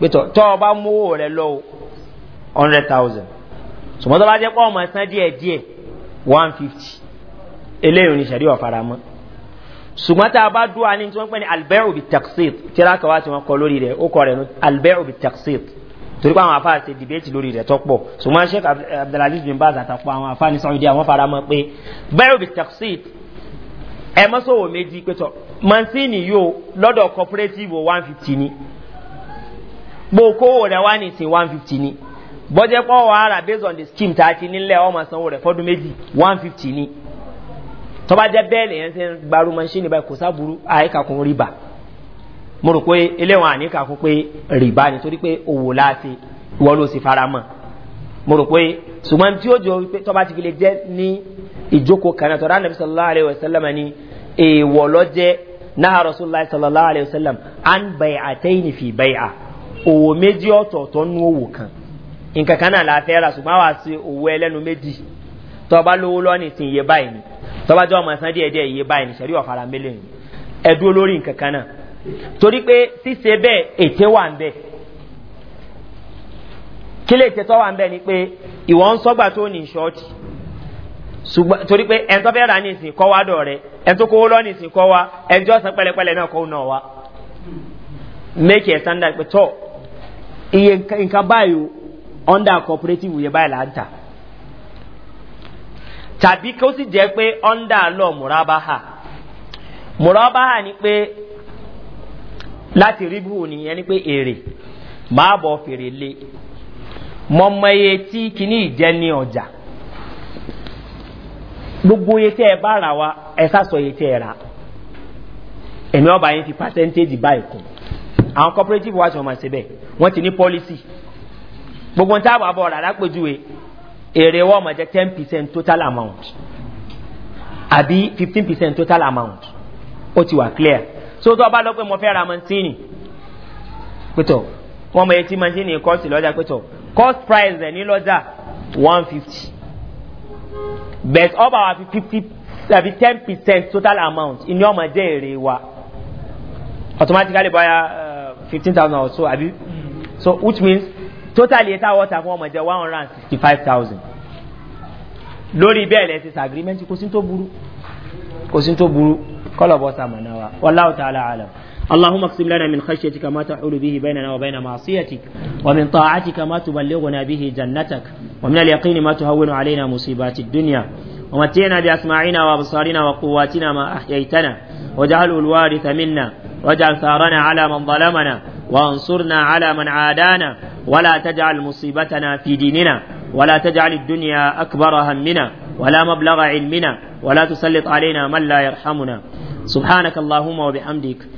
pẹ̀tọ̀ tọ́ ọ bá mú lọ o hundred thousand sọmọtọ́ bá jẹ́ pọ́ ọmọ ẹ̀sán díẹ̀ díẹ̀ one fifty eléyìí ní sẹ̀rí ọ̀fara mọ́ ṣùgbọ́n tá a bá dúwà ní tí wọ́n pẹ́ ní albert obi taxit tí alákọ̀wá tí wọ́n kọ lórí rẹ̀ ó kọ rẹ̀ ní albert obi taxit torí pé àwọn afa ṣe dìbẹ́tì lórí rẹ̀ tọ́pọ̀ ṣùgbọ́n sheikh abdulaziz bin baz àtàkùn àwọn afa ní saudi àwọn fara mọ́ pé bẹ́ẹ̀ obi taxit ẹ mọ́sọ̀wọ́ méjì pẹ̀tọ̀ mansini yóò lọ́dọ̀ cooperative one fifty ni gbòkówó rẹ̀ wá ní sin one fifty ni bọ́jẹ́ pọ́ wàá rà based on the scheme tá a ti nílẹ̀ ọmọ sanwó rẹ̀ fọ́dún méjì one fifty ni tọ́ba jẹ́ bẹ́ẹ̀lì yẹn ṣe ń gbaru mansini báyìí kò sábúrú àyíkàkùn rìbá mo rò pé eléwọ̀n àníkàkùn pé rìbá ni torí pé òwò láti wọ́n ló sì fara mọ́ mo rò pé ṣùgbọ́n tí ó jọ tọ́ba ti fi lè jẹ́ ní ìjókòó kan náà tọ́ra nàbísọ̀ lọ́wọ́ àlẹ́ wọ̀ sẹ́lẹ̀mà ni. èèwọ̀ naha náà rasulillah sallallahu alayhi wa sallam an bẹ̀yà àtẹ́yìn fi bẹ̀yà òwò méjì ọ̀tọ̀ọ̀tọ̀ nú òwò kan nǹkan kan náà la fẹ́ ra ṣùgbọ́n wàá sí òwò ẹlẹ́nu méjì tọba lówó iye ni tọba jọ ọmọ iye báyìí ni ṣẹ̀rí ọ̀fara mélòó ni ẹ̀dúró lórí nǹkan kan náà torí ni ṣùgbọ́n torí pé ẹni tó fẹ́ rà ní ìsìn kọ́ wa dọ̀ rẹ ẹni tó kówó lọ́ ní ìsìn kọ́ wa ẹni pẹ́lẹ́pẹ́lẹ́ náà kọ́ náà wa make a standard pé tọ́ iye nǹkan báyìí under cooperative yẹ báyìí là ń tà tàbí kó sì jẹ́ pé under law murabaha murabaha ni pé láti rí bùhù nìyẹn ni pé èrè máa bọ̀ fèrè lé mọ́mọ́ iye tí kìíní ìjẹ́ ní ọjà gbogbo iye tí ẹ bá rà wá ẹ sá sọ iye tí ẹ rà ẹ̀mí ọba yẹn ti percentage báyìí kù àwọn cooperative wa ti wọn máa ṣe bẹ́ẹ̀ wọ́n ti ní policy gbogbo ní táàbà bọ̀ rà lápèjúwe èrè wọ́n máa jẹ́ ten percent total amount àbí fifteen percent total amount ó ti wà clear so tó o bá lọ pé mo fẹ́ ra mọ́tínì pẹ̀tọ̀ wọ́n mọ etí mọ́tínì cost lọ́jà pẹ̀tọ̀ cost price ẹ̀ ní lọ́jà one fifty But ọba wa fifty tàbí ten percent total amount ìní ọmọ jẹ́ èrè wa automatically buy uh, fifteen thousand or so àbí so which means total yẹ tá a wọ́ta fún one hundred and sixty five thousand lórí bẹ́ẹ̀ lẹ́sìn agreement kò sí tó burú kò sí tó burú kọ́lọ̀ bọ́sà mọ̀ náà wa wọ́n láwùtà àlàálẹ̀. اللهم اقسم لنا من خشيتك ما تحول به بيننا وبين معصيتك ومن طاعتك ما تبلغنا به جنتك ومن اليقين ما تهون علينا مصيبات الدنيا ومتعنا بأسماعنا وأبصارنا وقواتنا ما أحييتنا واجعله الوارث منا واجعل ثارنا على من ظلمنا وانصرنا على من عادانا ولا تجعل مصيبتنا في ديننا ولا تجعل الدنيا أكبر همنا ولا مبلغ علمنا ولا تسلط علينا من لا يرحمنا سبحانك اللهم وبحمدك